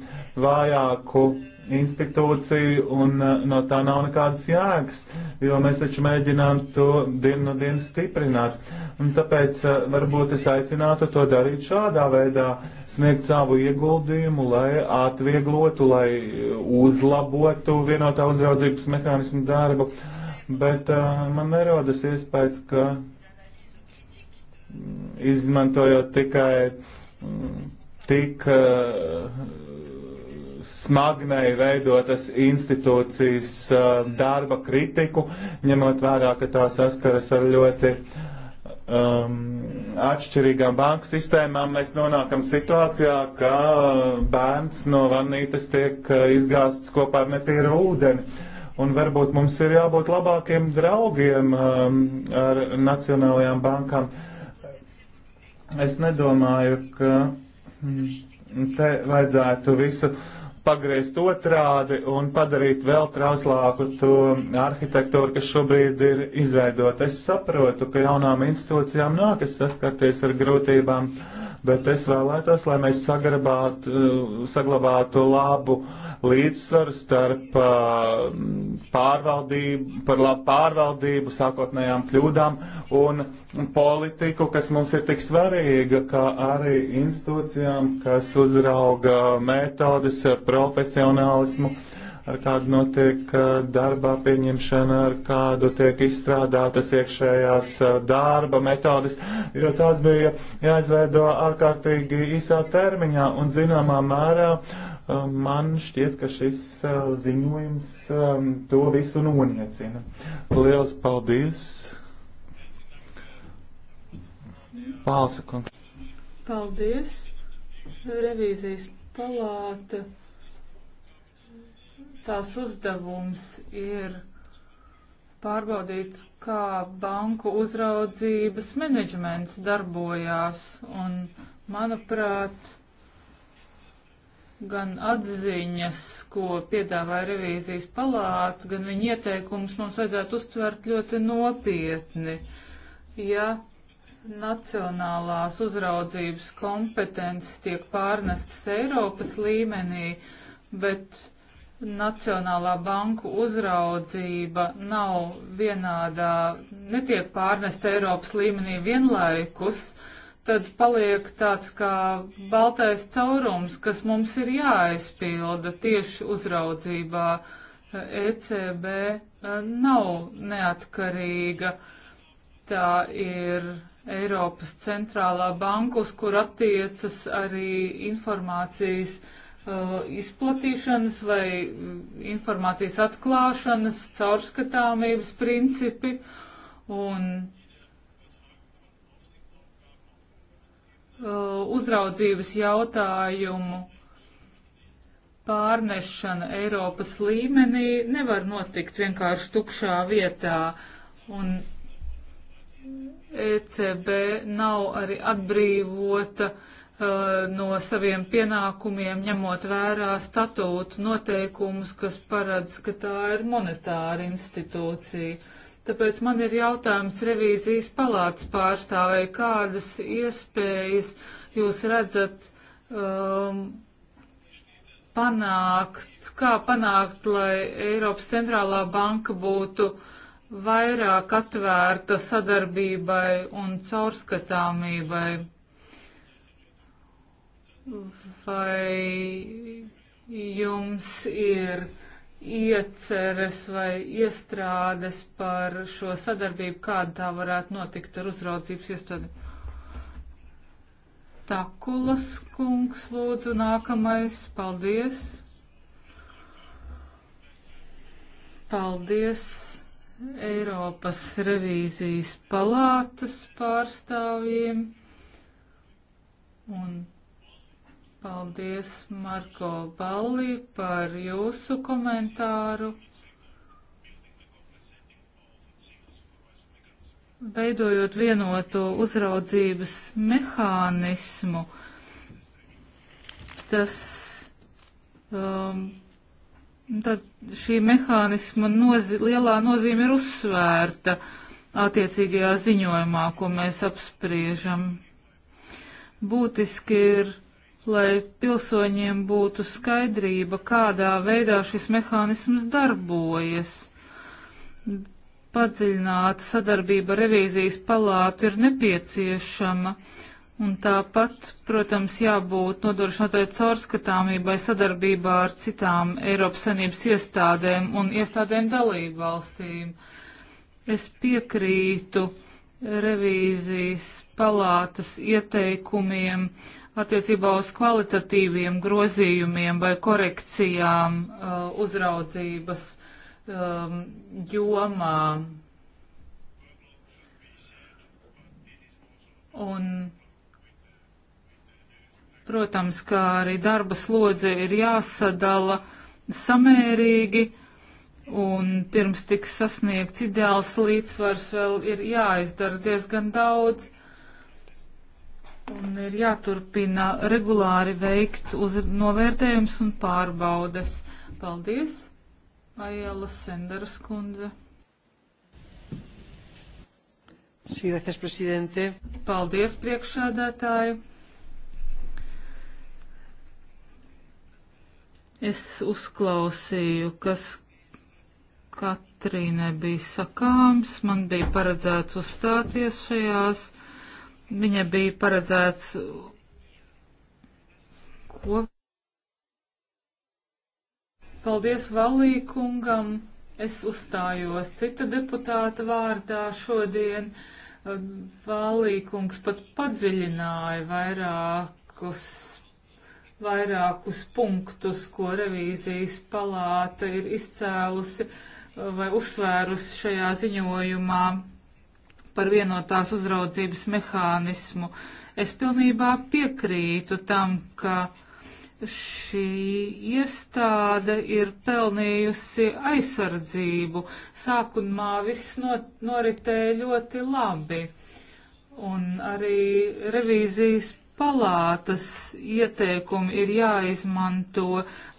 vājāku institūciju un e, no tā nav nekādas jēgas, jo mēs taču mēģinām to dienu no dienas stiprināt. Un tāpēc e, varbūt es aicinātu to darīt šādā veidā, sniegt savu ieguldījumu, lai atvieglotu, lai uzlabotu vienotā uzraudzības mehānismu darbu. Bet uh, man nerodas iespējas, ka izmantojot tikai tik uh, smagnēji veidotas institūcijas uh, darba kritiku, ņemot vērā, ka tā saskaras ar ļoti um, atšķirīgām banku sistēmām, mēs nonākam situācijā, ka bērns no vannītes tiek uh, izgāsts kopā ar netīru ūdeni. Un varbūt mums ir jābūt labākiem draugiem um, ar nacionālajām bankām. Es nedomāju, ka mm, te vajadzētu visu uh, pagriezt otrādi un padarīt vēl trauslāku to arhitektūru, kas šobrīd ir izveidota. Es saprotu, ka jaunām institūcijām nākas saskarties ar grūtībām. Uh, bet es vēlētos, lai mēs saglabātu labu līdzsvaru starp pārvaldību, par labu pārvaldību, sākotnējām kļūdām un politiku, kas mums ir tik svarīga, kā arī institūcijām, kas uzrauga metodas, profesionālismu. Uh, ar kādu notiek uh, darbā pieņemšana, ar kādu tiek izstrādātas iekšējās uh, darba metodas, jo tās bija jāizveido ārkārtīgi īsā termiņā un zināmā mērā uh, man šķiet, ka šis ziņojums um, to visu noniecina. Liels paldies! Palsakungs. Paldies! Revīzijas palāta Tās uzdevums ir pārbaudīt, kā banku uzraudzības menedžments darbojās. Un, manuprāt, gan atziņas, ko piedāvāja revīzijas palāta, gan viņa ieteikums mums vajadzētu uztvert ļoti nopietni. Ja nacionālās uzraudzības kompetences tiek pārnestas Eiropas līmenī, bet Nacionālā banku uzraudzība nav vienādā, netiek pārnesta Eiropas līmenī vienlaikus, tad paliek tāds kā baltais caurums, kas mums ir jāaizpilda tieši uzraudzībā. ECB e, nav neatkarīga, tā ir Eiropas centrālā banka, uz kur attiecas arī informācijas Uh, izplatīšanas vai mm, informācijas atklāšanas, caurskatāmības principi un uh, uzraudzības jautājumu pārnešana Eiropas līmenī nevar notikt vienkārši tukšā vietā. Un ECB nav arī atbrīvota uh, Eh, no saviem pienākumiem, ņemot vērā statūtu noteikumus, kas paredz, ka tā ir monetāra institūcija. Tāpēc man ir jautājums revīzijas palātas pārstāvēji, kādas iespējas jūs redzat um, panākt, kā panākt, lai Eiropas centrālā banka būtu vairāk atvērta sadarbībai un caurskatāmībai vai jums ir ieceres vai iestrādes par šo sadarbību, kāda tā varētu notikt ar uzraudzības iestādi? Takulas kungs, lūdzu, nākamais. Paldies. Paldies Eiropas revīzijas palātas pārstāvjiem un Paldies, Marko Balli, par jūsu komentāru. Veidojot vienotu uzraudzības mehānismu, tas um, tad šī mehānisma nozi lielā nozīme ir uzsvērta attiecīgajā ziņojumā, ko mēs apspriežam. Būtiski ir lai pilsoņiem būtu skaidrība, kādā veidā šis mehānisms darbojas. Padziļināta sadarbība revīzijas palātu ir nepieciešama, un tāpat, protams, jābūt nodrošinātai caurskatāmībai sadarbībā ar citām Eiropas Sanības iestādēm un iestādēm dalību valstīm. Es piekrītu revīzijas palātas ieteikumiem uh, attiecībā uz kvalitatīviem grozījumiem vai korekcijām uh, uzraudzības um, jomā. Un, protams, kā arī darba slodze ir jāsadala samērīgi, un pirms tiks sasniegts ideāls līdzsvars vēl ir jāizdara diezgan daudz. Uh, un ir jāturpina regulāri veikt uz novērtējums un pārbaudes. Paldies, Aiela Senderas kundze. Sí, gracias, presidente. Paldies, priekšādātāju. Es uzklausīju, kas Katrīne bija sakāms, man bija paredzēts uzstāties šajās Viņa bija paredzēts. Ko? Paldies Valīkungam. Es uzstājos cita deputāta vārdā šodien. Valīkungs pat padziļināja vairākus, vairākus punktus, ko revīzijas palāta ir izcēlusi vai uzsvērusi šajā ziņojumā par vienotās uzraudzības mehānismu. Es pilnībā piekrītu tam, ka šī iestāde ir pelnījusi aizsardzību. Sākumā viss not, noritēja ļoti labi. Un arī revīzijas palātas ieteikumi ir jāizmanto,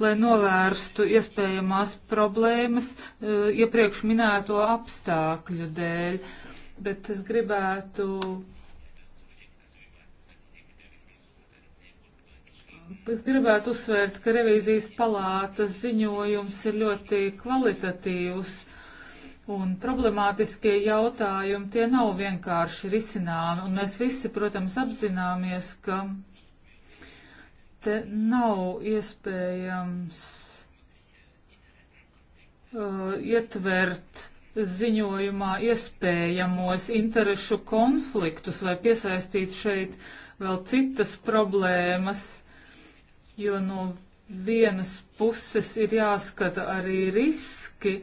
lai novērstu iespējamās problēmas eh, iepriekš minēto apstākļu dēļ. Uh, bet es gribētu Bet gribētu uzsvērt, ka revīzijas palātas ziņojums ir ļoti kvalitatīvs un problemātiskie jautājumi tie nav vienkārši risināmi. Un mēs visi, protams, apzināmies, ka te nav iespējams uh, ietvert ziņojumā iespējamos interešu konfliktus vai piesaistīt šeit vēl citas problēmas, jo no vienas puses ir jāskata arī riski,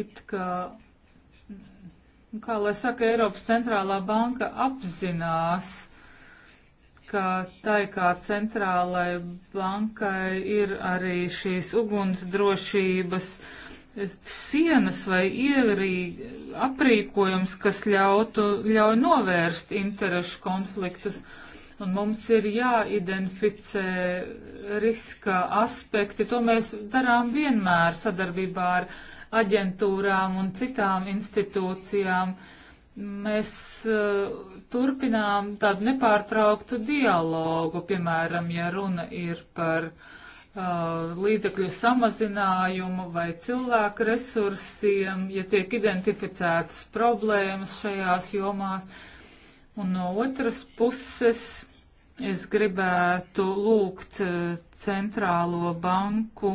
it kā, kā lai saka, Eiropas centrālā banka apzinās, ka tai kā centrālai bankai ir arī šīs ugunsdrošības drošības sienas vai ierī aprīkojums, kas ļautu, ļauj novērst interešu konfliktus. Un mums ir jāidentificē riska aspekti. To mēs darām vienmēr sadarbībā ar aģentūrām un citām institūcijām. Mēs uh, turpinām tādu nepārtrauktu dialogu, piemēram, ja runa ir par uh, Uh, līdzekļu samazinājumu vai cilvēku resursiem, ja tiek identificētas problēmas šajās jomās. Un no otras puses es gribētu lūgt uh, centrālo banku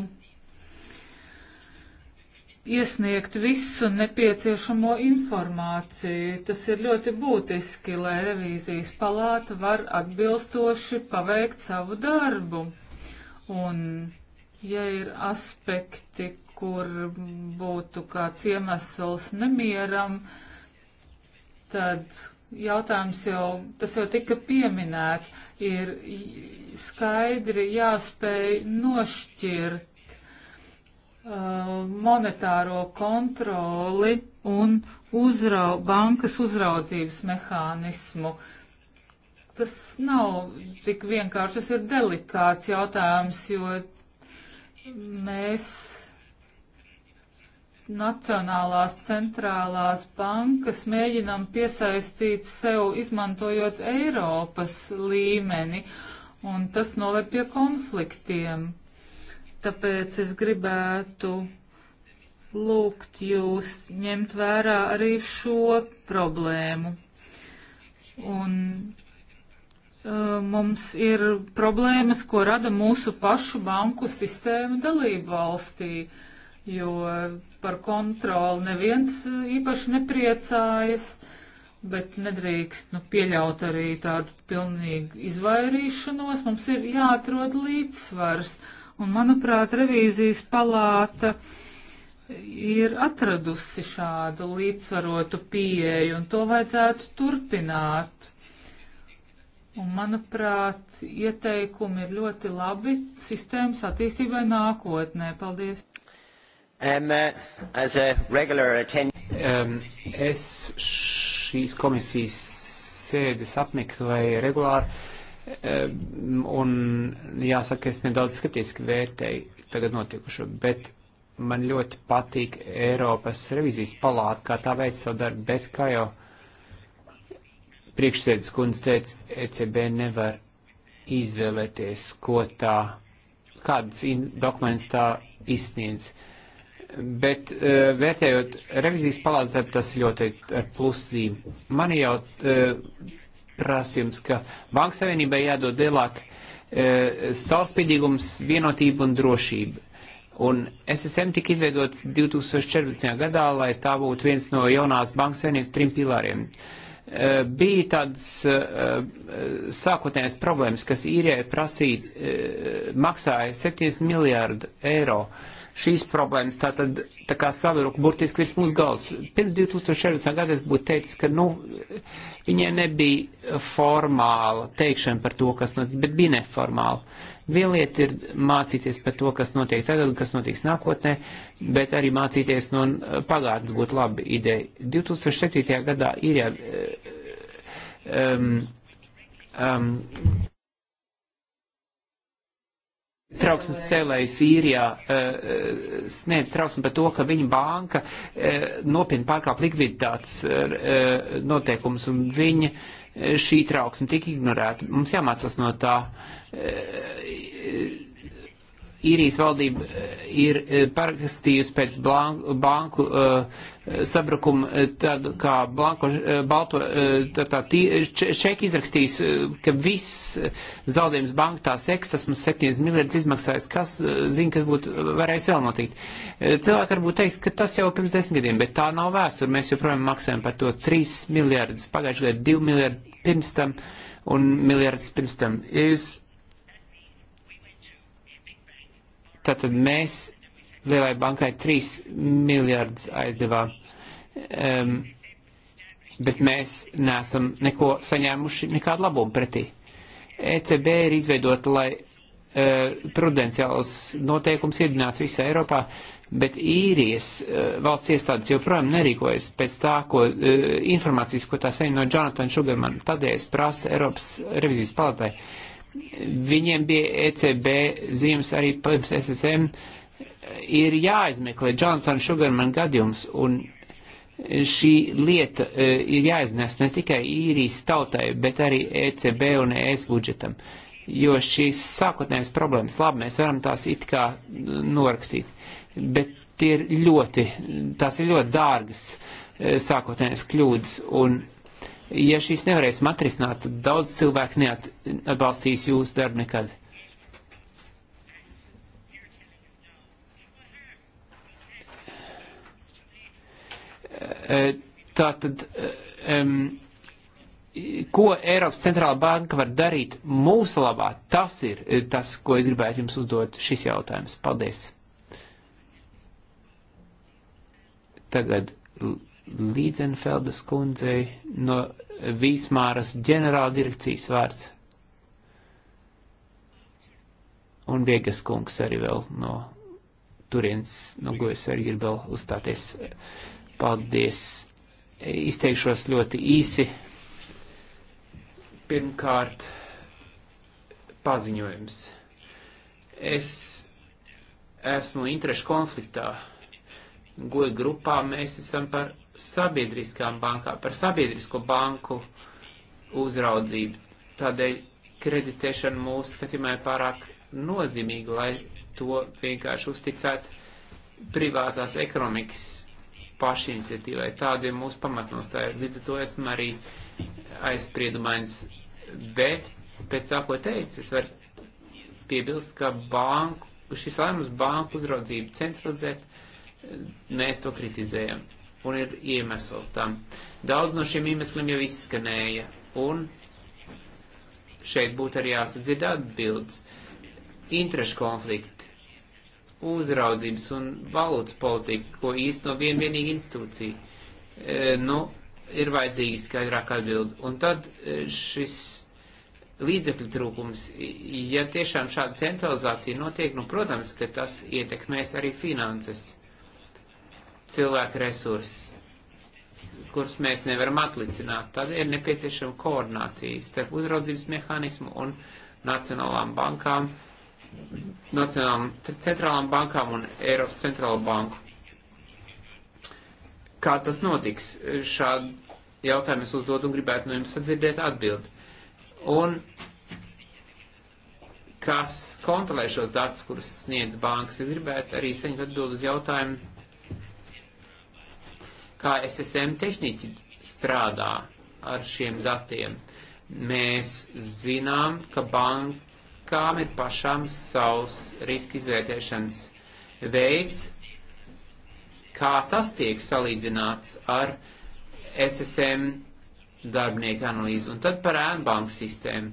iesniegt visu nepieciešamo informāciju. Tas ir ļoti būtiski, lai revīzijas palāta var atbilstoši paveikt savu darbu. Un ja ir aspekti, kur būtu kāds iemesls nemieram, tad jautājums jau, tas jau tika pieminēts, ir skaidri jāspēj nošķirt uh, monetāro kontroli un uzrau, bankas uzraudzības mehānismu. Uh, tas nav tik vienkārši, tas ir delikāts jautājums, jo mēs Nacionālās centrālās bankas mēģinam piesaistīt sev, izmantojot Eiropas līmeni, un tas noved pie konfliktiem. Tāpēc es gribētu lūgt jūs ņemt vērā arī šo problēmu. Un mums ir problēmas, ko rada mūsu pašu banku sistēma dalību valstī, jo par kontroli neviens īpaši nepriecājas, bet nedrīkst nu, pieļaut arī tādu pilnīgu izvairīšanos. Mums ir jāatrod līdzsvars, un manuprāt, revīzijas palāta ir atradusi šādu līdzsvarotu pieeju, un to vajadzētu turpināt Un, manuprāt, ieteikumi ir ļoti labi sistēmas attīstībai nākotnē. Paldies! Um, um, es šīs komisijas sēdes apmeklēju regulāri, um, un jāsaka, es nedaudz skeptiski vērtēju tagad notikušo, bet man ļoti patīk Eiropas revizijas palāta, kā tā veic savu darbu, bet kā jau priekšsēdus kundze teica, ECB nevar izvēlēties, ko tā, kādas dokumentus tā izsniedz. Bet uh, vērtējot revizijas palātas darbu, tas ļoti ar pluszīm. Man jau uh, prasījums, ka Banka Savienībai jādod lielāk uh, caurspīdīgums, vienotība un drošība. Un SSM tika izveidots 2014. gadā, lai tā būtu viens no jaunās Banka Savienības trim pilāriem. Uh, Eh, bija tādas eh, sākotnējās problēmas, kas īrijai prasīja, eh, maksāja 7 miljārdu eiro. Uh, šīs problēmas tātad tā kā savilku burtiski virs mūsu galvas. Pirms 2014. gada es būtu teicis, ka nu, viņai nebija formāla teikšana par to, kas notiek, bet bija neformāla. Viena lieta ir mācīties par to, kas notiek tagad un kas notiks nākotnē, bet arī mācīties no pagātnes būtu laba ideja. 2007. gadā ir jau. Eh, um, um, trauksmes cēlējs īrijā eh, eh, sniedz trauksmi par to, ka viņa banka eh, nopietni pārkāp likviditātes noteikumus un viņa šī trauksme tika ignorēta. Mums jāmācās no tā īrijas valdība eh, ir eh, parakstījusi pēc blanku, banku uh, sabrukuma tādu kā blanko, uh, balto, uh, tā, tā tī, čeki izrakstījis, uh, ka viss zaudējums banka tās ekstas mums 70 miljardus izmaksājas, kas uh, zina, kas būtu varējis vēl notikt. Uh, cilvēki varbūt teiks, ka tas jau pirms desmit gadiem, bet tā nav vēsture. Mēs joprojām maksājam par to 3 miljardus, pagājušajā gadā 2 miljardi pirms tam un miljards pirms tam. Ja jūs Tātad mēs lielai bankai 3 miljardus aizdevām, um, bet mēs nesam neko saņēmuši, nekādu labumu pretī. ECB ir izveidota, lai uh, prudenciāls noteikums iedinātu visā Eiropā, bet īrijas uh, valsts iestādes joprojām nerīkojas pēc tā, ko uh, informācijas, ko tā saņem no Jonathan Sugarman. Tādēļ es prasu Eiropas revizijas palatai. Uh, viņiem bija ECB zīmes arī pirms SSM, ir jāizmeklē Johnson Sugarman gadījums, un šī lieta e, ir jāiznes ne tikai īrijas tautai, bet arī ECB un ES budžetam, jo šīs sākotnējās problēmas, labi, mēs varam tās it kā norakstīt, bet tie ir ļoti, tās ir ļoti dārgas e, sākotnējās kļūdas, un Ja šīs nevarēsim atrisināt, tad daudz cilvēku neatbalstīs jūsu darbu nekad. E, tātad, um, ko Eiropas centrāla banka var darīt mūsu labā, tas ir tas, ko es gribētu jums uzdot šis jautājums. Paldies! Tagad Līdzenfeldas kundzei no Vīsmāras ģenerāla direkcijas vārds. Un Viegas kungs arī vēl no turienes, no gojas arī ir vēl uzstāties. Paldies! Izteikšos ļoti īsi. Pirmkārt, paziņojums. Es esmu interešu konfliktā. Goja grupā mēs esam par sabiedriskām bankām, par sabiedrisko banku uzraudzību. Tādēļ kreditēšana mūsu skatījumā ir pārāk nozīmīga, lai to vienkārši uzticētu privātās ekonomikas pašiniciatīvai. Tāda ir mūsu pamatnostāja. Līdz ar to esmu arī aizspriedumains. Bet pēc tā, ko teicu, es varu piebilst, ka banku, šis lēmums banku uzraudzību centralizēt, mēs to kritizējam un ir iemesli tam. Daudz no šiem iemesliem jau izskanēja, un šeit būtu arī jāsadzird atbildes. Interešu konflikti, uzraudzības un valūtas politika, ko īsteno vien vienīgi institūcija. E, nu, ir vajadzīgi skaidrāk atbild. Un tad e, šis līdzekļu trūkums, ja tiešām šāda centralizācija notiek, nu, protams, ka tas ietekmēs arī finanses cilvēku resursi, kurus mēs nevaram atlicināt. Tad ir nepieciešama koordinācija starp uzraudzības mehānismu un nacionālām bankām, nacionālām centrālām bankām un Eiropas centrālo banku. Kā tas notiks? Šādu jautājumu es uzdodu un gribētu no jums sadzirdēt atbildi. Un kas kontrolē šos datus, kurus sniedz bankas? Es gribētu arī saņemt atbildi uz jautājumu, kā SSM tehniķi strādā ar šiem datiem. Mēs zinām, ka bankām ir pašām savs riska izvērtēšanas veids, kā tas tiek salīdzināts ar SSM darbinieku analīzi. Un tad par ēnbanku sistēmu.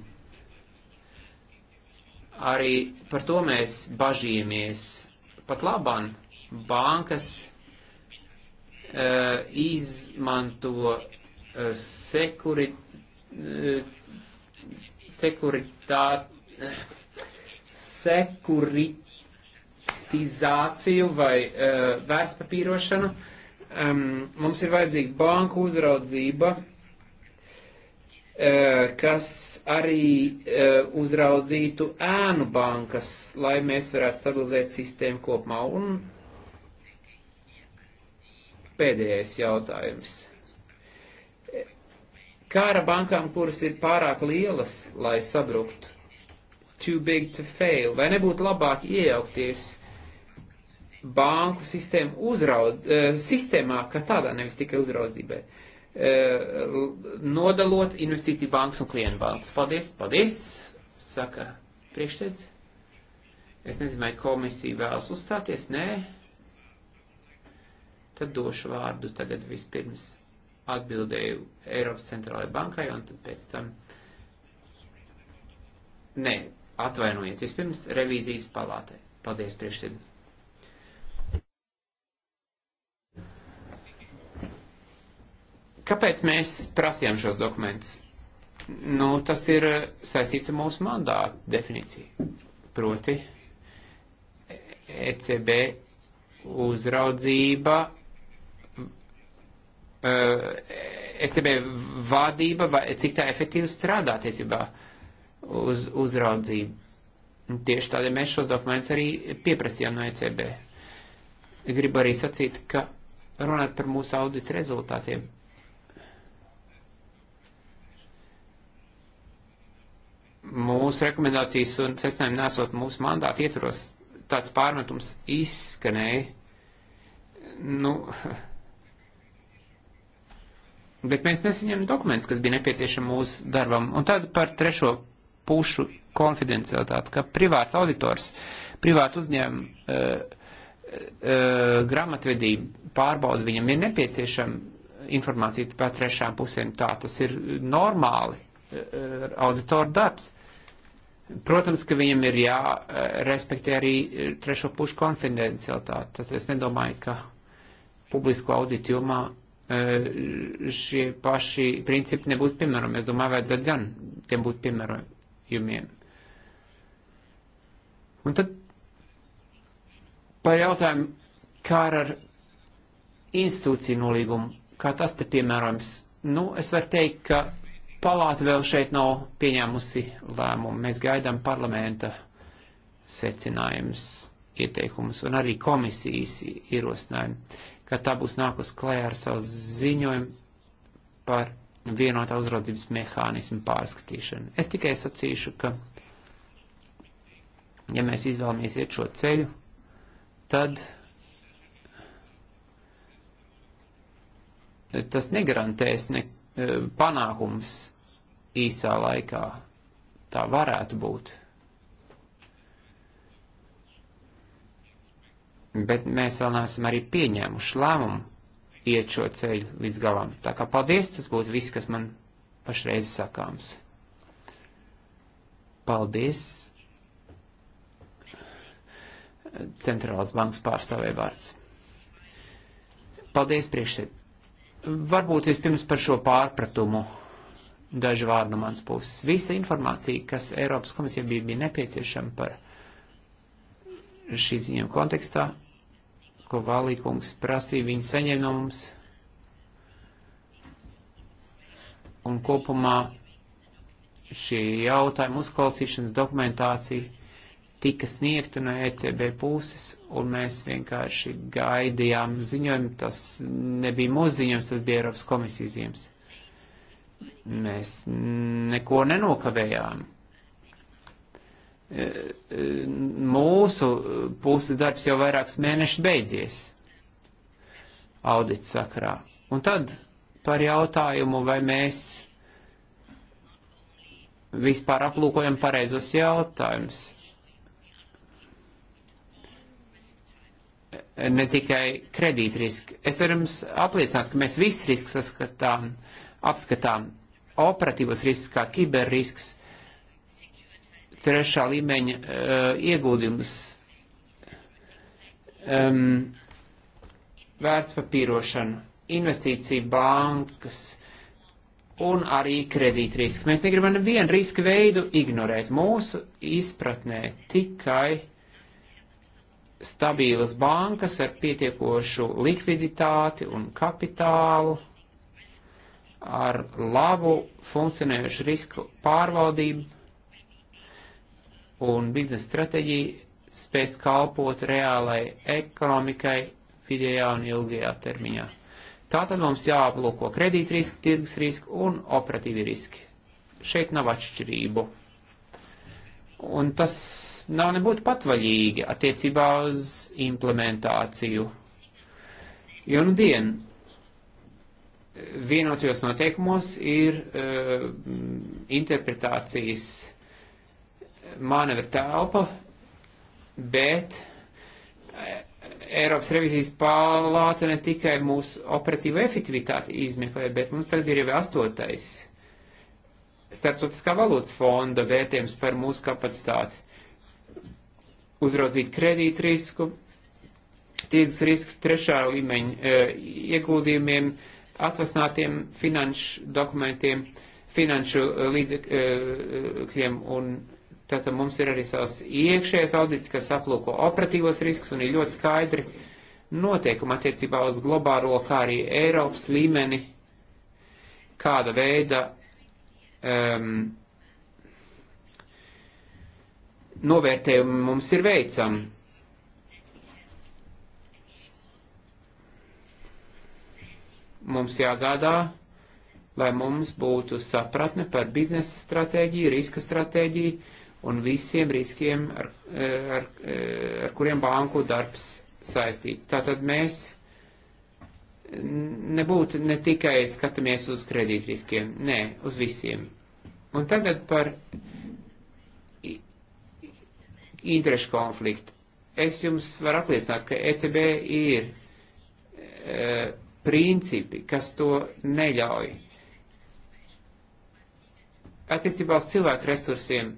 Arī par to mēs bažījāmies. Pat labam bankas Uh, izmanto uh, sekuri, uh, sekuritā, sekuritizāciju vai vērtspapīrošanu. Um, mums ir vajadzīga banku uzraudzība, kas arī uzraudzītu ēnu bankas, lai mēs varētu stabilizēt sistēmu kopumā. Un pēdējais jautājums. Kāra bankām, kuras ir pārāk lielas, lai sabruktu, too big to fail, vai nebūtu labāk iejaukties banku sistēmu uzraud, eh, sistēmā, kā tādā, nevis tikai uzraudzībai, eh, nodalot investīciju bankas un klientu bankas. Paldies, paldies, saka priekšsēdz. Es nezinu, vai komisija vēlas uzstāties, nē. Ne. Tad došu vārdu tagad vispirms atbildēju Eiropas centrālajai bankai un tad pēc tam. Nē, atvainojiet, vispirms revīzijas palātē. Paldies, priekšsēdētāji. Kāpēc mēs prasījām šos dokumentus? Nu, tas ir saistīts ar mūsu mandātu definīciju. Proti, ECB e uzraudzība ECB eh, vadība, vai, cik tā efektīvi strādā tiesībā uz uzraudzību. Tieši tādēļ mēs šos dokumentus arī pieprasījām no ECB. Gribu arī sacīt, ka runāt par mūsu audita rezultātiem. Mūsu rekomendācijas un secinājumi nesot mūsu mandātu ietvaros, tāds pārmetums izskanēja. Nu, Bet mēs nesaņemam dokumentus, kas bija nepieciešami mūsu darbam. Un tad par trešo pušu konfidencialitāti, ka privāts auditors, privāta uzņēmuma uh, e, uh, e, grāmatvedība pārbauda viņam ir nepieciešama informācija par trešām pusēm. Tā tas ir normāli uh, e, auditoru darbs. Protams, ka viņam ir jārespektē arī trešo pušu konfidencialitāti. Tad es nedomāju, ka publisko auditu jomā Eh, šie paši principi nebūtu piemērojami. Es domāju, vajadzētu gan tiem būt piemērojumiem. Un tad par jautājumu, kā ar institūciju nolīgumu, kā tas te piemērojams. Nu, es varu teikt, ka palāta vēl šeit nav pieņēmusi lēmumu. Mēs gaidām parlamenta secinājumus, ieteikumus un arī komisijas ierosinājumu ka tā būs nākus klējā ar savu ziņojumu par vienotā uzraudzības mehānismu pārskatīšanu. Es tikai sacīšu, ka, ja mēs izvēlamies iet šo ceļu, tad tas negarantēs ne, eh, panākums īsā laikā. Tā varētu būt. bet mēs vēl neesam arī pieņēmuši lēmumu iet šo ceļu līdz galam. Tā kā paldies, tas būtu viss, kas man pašreiz sakāms. Paldies. Centrālās bankas pārstāvē vārds. Paldies priekšsēd. Varbūt vispirms par šo pārpratumu daži vārdi no mans puses. Visa informācija, kas Eiropas komisija bija, bija nepieciešama par šī ziņojuma kontekstā, ko Vālīkungs prasīja, viņi saņēma no mums. Un kopumā šī jautājuma uzklausīšanas dokumentācija tika sniegta no ECB puses, un mēs vienkārši gaidījām ziņojumu. Tas nebija mūsu ziņojums, tas bija Eiropas komisijas ziņojums. Mēs neko nenokavējām. E, e, mūsu puses darbs jau vairākus mēnešus beidzies audits sakarā. Un tad par jautājumu, vai mēs vispār aplūkojam pareizos jautājumus. Ne tikai kredītriski. Es varu jums apliecināt, ka mēs visus riskus saskatām, apskatām, operatīvos riskus kā kiberrisks, trešā līmeņa uh, ieguldījums um, vērtspapīrošanu, investīciju bankas un arī kredītriski. Mēs negribam nevienu riska veidu ignorēt. Mūsu izpratnē tikai stabilas bankas ar pietiekošu likviditāti un kapitālu, ar labu funkcionējušu risku pārvaldību un biznesa stratēģija spēs kalpot reālai ekonomikai vidējā un ilgajā termiņā. Tātad mums jāaplūko kredīt riski, tirgus riski un operatīvi riski. Šeit nav atšķirību. Un tas nav nebūtu patvaļīgi attiecībā uz implementāciju. Jo nu dien vienotajos noteikumos ir uh, interpretācijas manevru telpa, bet eh, Eiropas revizijas palāta ne tikai mūsu operatīvo efektivitāti izmeklē, bet mums tagad ir jau astotais starptautiskā valūtas fonda vērtējums par mūsu kapacitāti. Uzraudzīt kredīt risku, tirgus risku trešā līmeņa e, ieguldījumiem, atvasinātiem finanšu dokumentiem, finanšu līdzekļiem un Tātad mums ir arī savs iekšējais audits, kas aplūko operatīvos riskus un ir ļoti skaidri noteikumi attiecībā uz globālo, kā arī Eiropas līmeni, kāda veida um, novērtējumi mums ir veicami. Mums jāgādā, lai mums būtu sapratne par biznesa stratēģiju, riska stratēģiju, un visiem riskiem, ar, eh, ar, eh, ar kuriem banku darbs saistīts. Tātad mēs nebūtu ne tikai skatāmies uz kredītriskiem, nē, uz visiem. Un tagad par interešu konfliktu. Es jums varu apliecināt, ka ECB ir e, principi, kas to neļauj. Attiecībā uz cilvēku resursiem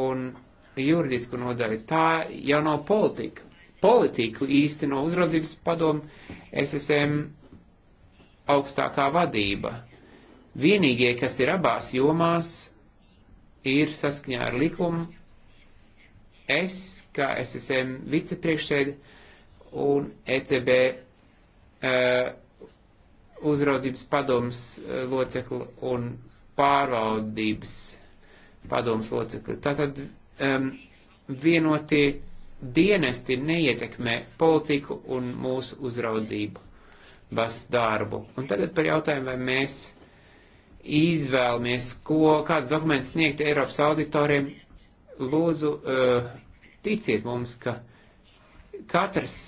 un juridisku nodaļu. Tā jau nav politika. Politiku īsti no uzraudzības padomu SSM augstākā vadība. Vienīgie, kas ir abās jomās, ir saskaņā ar likumu. Es, kā SSM vicepriekšsēdi un ECB uh, eh, uzraudzības padomas uh, locekli un pārvaldības padomas locekļu. Tātad um, vienotie dienesti neietekmē politiku un mūsu uzraudzību, bas darbu. Un tagad par jautājumu, vai mēs izvēlamies, ko, kāds dokuments sniegt Eiropas auditoriem, lūdzu, uh, ticiet mums, ka katrs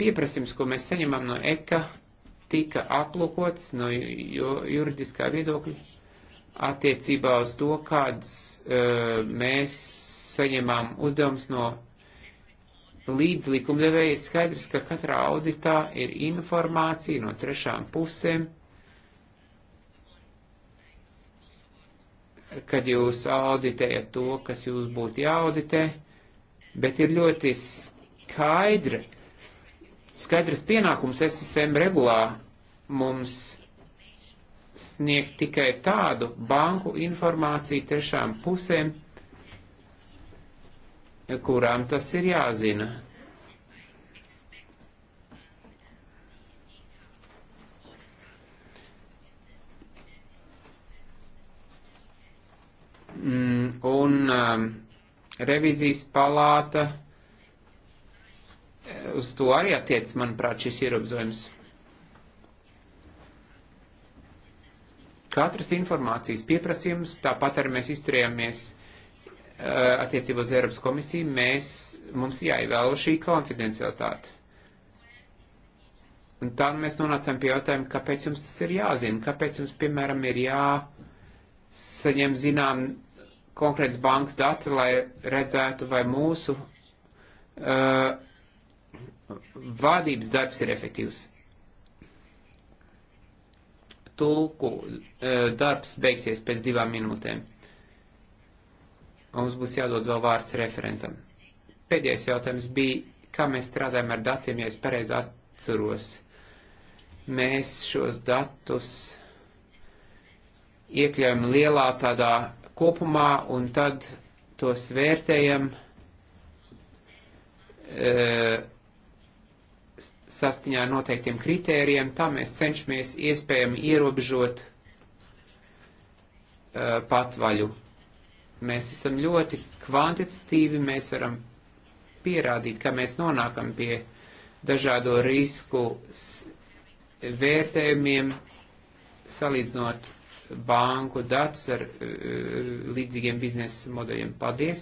pieprasījums, ko mēs saņemam no ECA, tika aplūkots no juridiskā viedokļa attiecībā uz to, kādas uh, e, mēs saņemām uzdevums no līdzlikumdevēja, skaidrs, ka katrā auditā ir informācija no trešām pusēm, kad jūs auditējat to, kas jūs būtu jāauditē, bet ir ļoti skaidra, skaidrs pienākums SSM regulā mums sniegt tikai tādu banku informāciju trešām pusēm, kurām tas ir jāzina. Mm, un um, revizijas palāta eh, uz to arī attiec, manuprāt, šis ierobežojums. katras informācijas pieprasījums, tāpat arī mēs izturējāmies uh, attiecībā uz Eiropas komisiju, mēs, mums jāievēl šī konfidencialitāte. Un tā mēs nonācām pie jautājuma, kāpēc jums tas ir jāzina, kāpēc jums, piemēram, ir jāsaņem zinām konkrēts bankas dati, lai redzētu, vai mūsu uh, vadības darbs ir efektīvs tulku e, darbs beigsies pēc divām minūtēm. Mums būs jādod vēl vārds referentam. Pēdējais jautājums bija, kā mēs strādājam ar datiem, ja es pareizi atceros. Mēs šos datus iekļaujam lielā tādā kopumā un tad tos vērtējam. E, saskaņā ar noteiktiem kritērijiem, tā mēs cenšamies iespējami ierobežot uh, patvaļu. Mēs esam ļoti kvantitatīvi, mēs varam pierādīt, ka mēs nonākam pie dažādo risku vērtējumiem, salīdzinot banku datus ar uh, līdzīgiem biznesa modeļiem. Paldies!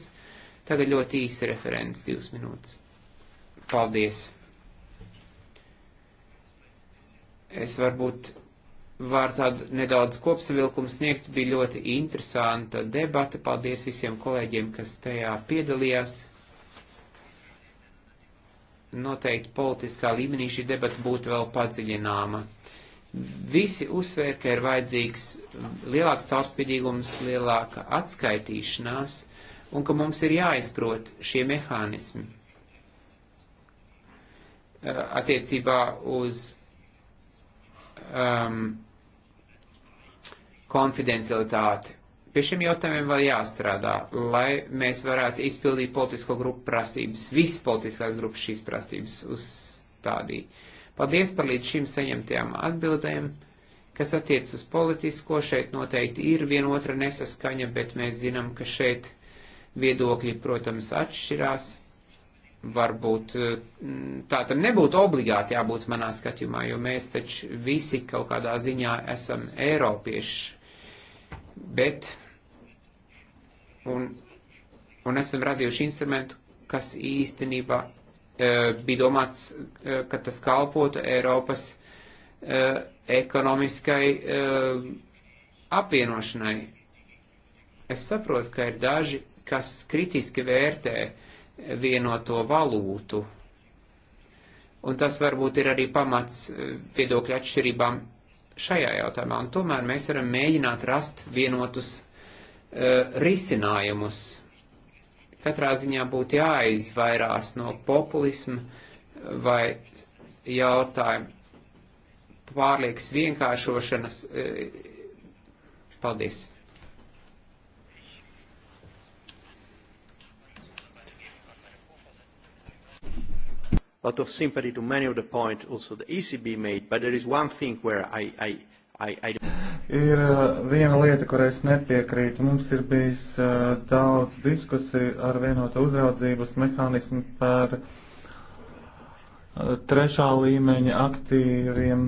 Tagad ļoti īsi referents, divas minūtes. Paldies! Es varbūt varu tādu nedaudz kopsavilkumu sniegt, bija ļoti interesanta debata. Paldies visiem kolēģiem, kas tajā piedalījās. Noteikti politiskā līmenī šī debata būtu vēl padziļināma. Visi uzsvēr, ka ir vajadzīgs lielāks caurspīdīgums, lielāka atskaitīšanās un ka mums ir jāizprot šie mehānismi attiecībā uz um, konfidencialitāti. Pie šiem jautājumiem vēl jāstrādā, lai mēs varētu izpildīt politisko grupu prasības, visas politiskās grupas šīs prasības uzstādīt. Paldies par līdz šim saņemtajām atbildēm, kas attiec uz politisko, šeit noteikti ir vienotra nesaskaņa, bet mēs zinām, ka šeit viedokļi, protams, atšķirās varbūt eh, tā tam nebūtu obligāti jābūt manā skatījumā, jo mēs taču visi kaut kādā ziņā esam eiropieši. Bet, un, un esam radījuši instrumentu, kas īstenībā e, bija domāts, e, ka tas kalpotu Eiropas e, ekonomiskai e, apvienošanai. Es saprotu, ka ir daži, kas kritiski vērtē e, vienoto valūtu. Un tas varbūt ir arī pamats eh, viedokļu atšķirībām šajā jautājumā. Un tomēr mēs varam mēģināt rast vienotus uh, risinājumus. Katrā ziņā būtu jāizvairās no populisma vai jautājumu pārliekas vienkāršošanas. Eh, paldies! lot of sympathy to many of the points also the ECB made, but there is one thing where I, I, I, I Ir uh, viena lieta, kur es nepiekrītu. Mums ir bijis uh, daudz diskusiju ar vienotu uzraudzības mehānismu par uh, trešā līmeņa aktīviem.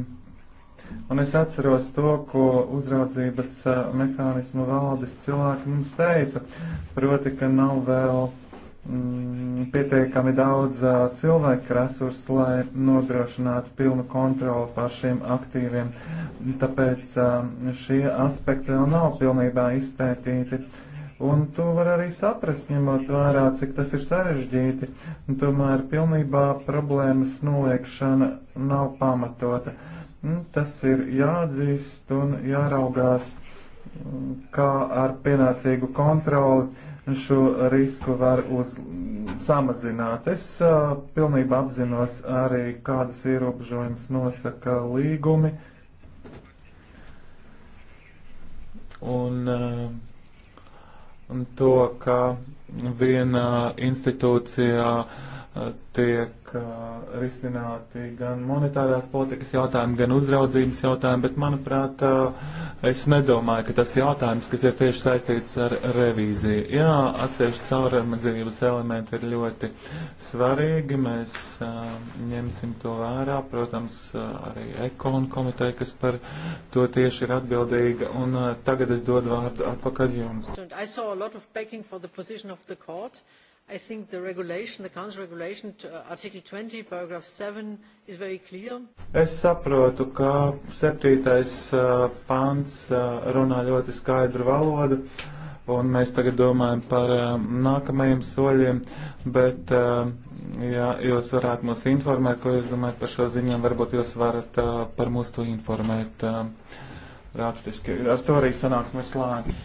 Un es atceros to, ko uzraudzības uh, mehānismu valdes cilvēki mums teica, proti, ka nav vēl uh, Mm, pietiekami daudz cilvēku resursu, lai nodrošinātu pilnu kontroli pār šiem aktīviem. Tāpēc šie aspekti vēl nav pilnībā izpētīti. Un to var arī saprast, ņemot vērā, cik tas ir sarežģīti. Un tomēr pilnībā problēmas noliekšana nav pamatota. Mm, tas ir jāatzīst un jāraugās, kā ar pienācīgu kontroli šo risku var uz, samazināt. Es uh, pilnībā apzinos arī, kādas ierobežojumus nosaka līgumi. Un, uh, un to, ka vienā institūcijā uh, tiek tiek risināti gan monetārās politikas jautājumi, gan uzraudzības jautājumi, bet, manuprāt, es nedomāju, ka tas jautājums, kas ir tieši saistīts ar revīziju. Jā, atsevišķi caurredzības elementi ir ļoti svarīgi, mēs ņemsim to vērā, protams, arī ekonu komiteja, kas par to tieši ir atbildīga, un tagad es dodu vārdu atpakaļ jums. I think the regulation, the council regulation, uh, article 20, paragraph 7 is very clear. Es saprotu, ka septītais uh, pants uh, runā ļoti skaidru valodu, un mēs tagad domājam par uh, nākamajiem soļiem, bet, uh, ja jūs varētu mūs informēt, ko jūs domājat par šo ziņām, varbūt jūs varat uh, par mūs to informēt. Rāpstiski. Ar to arī sanāksim ar slāni.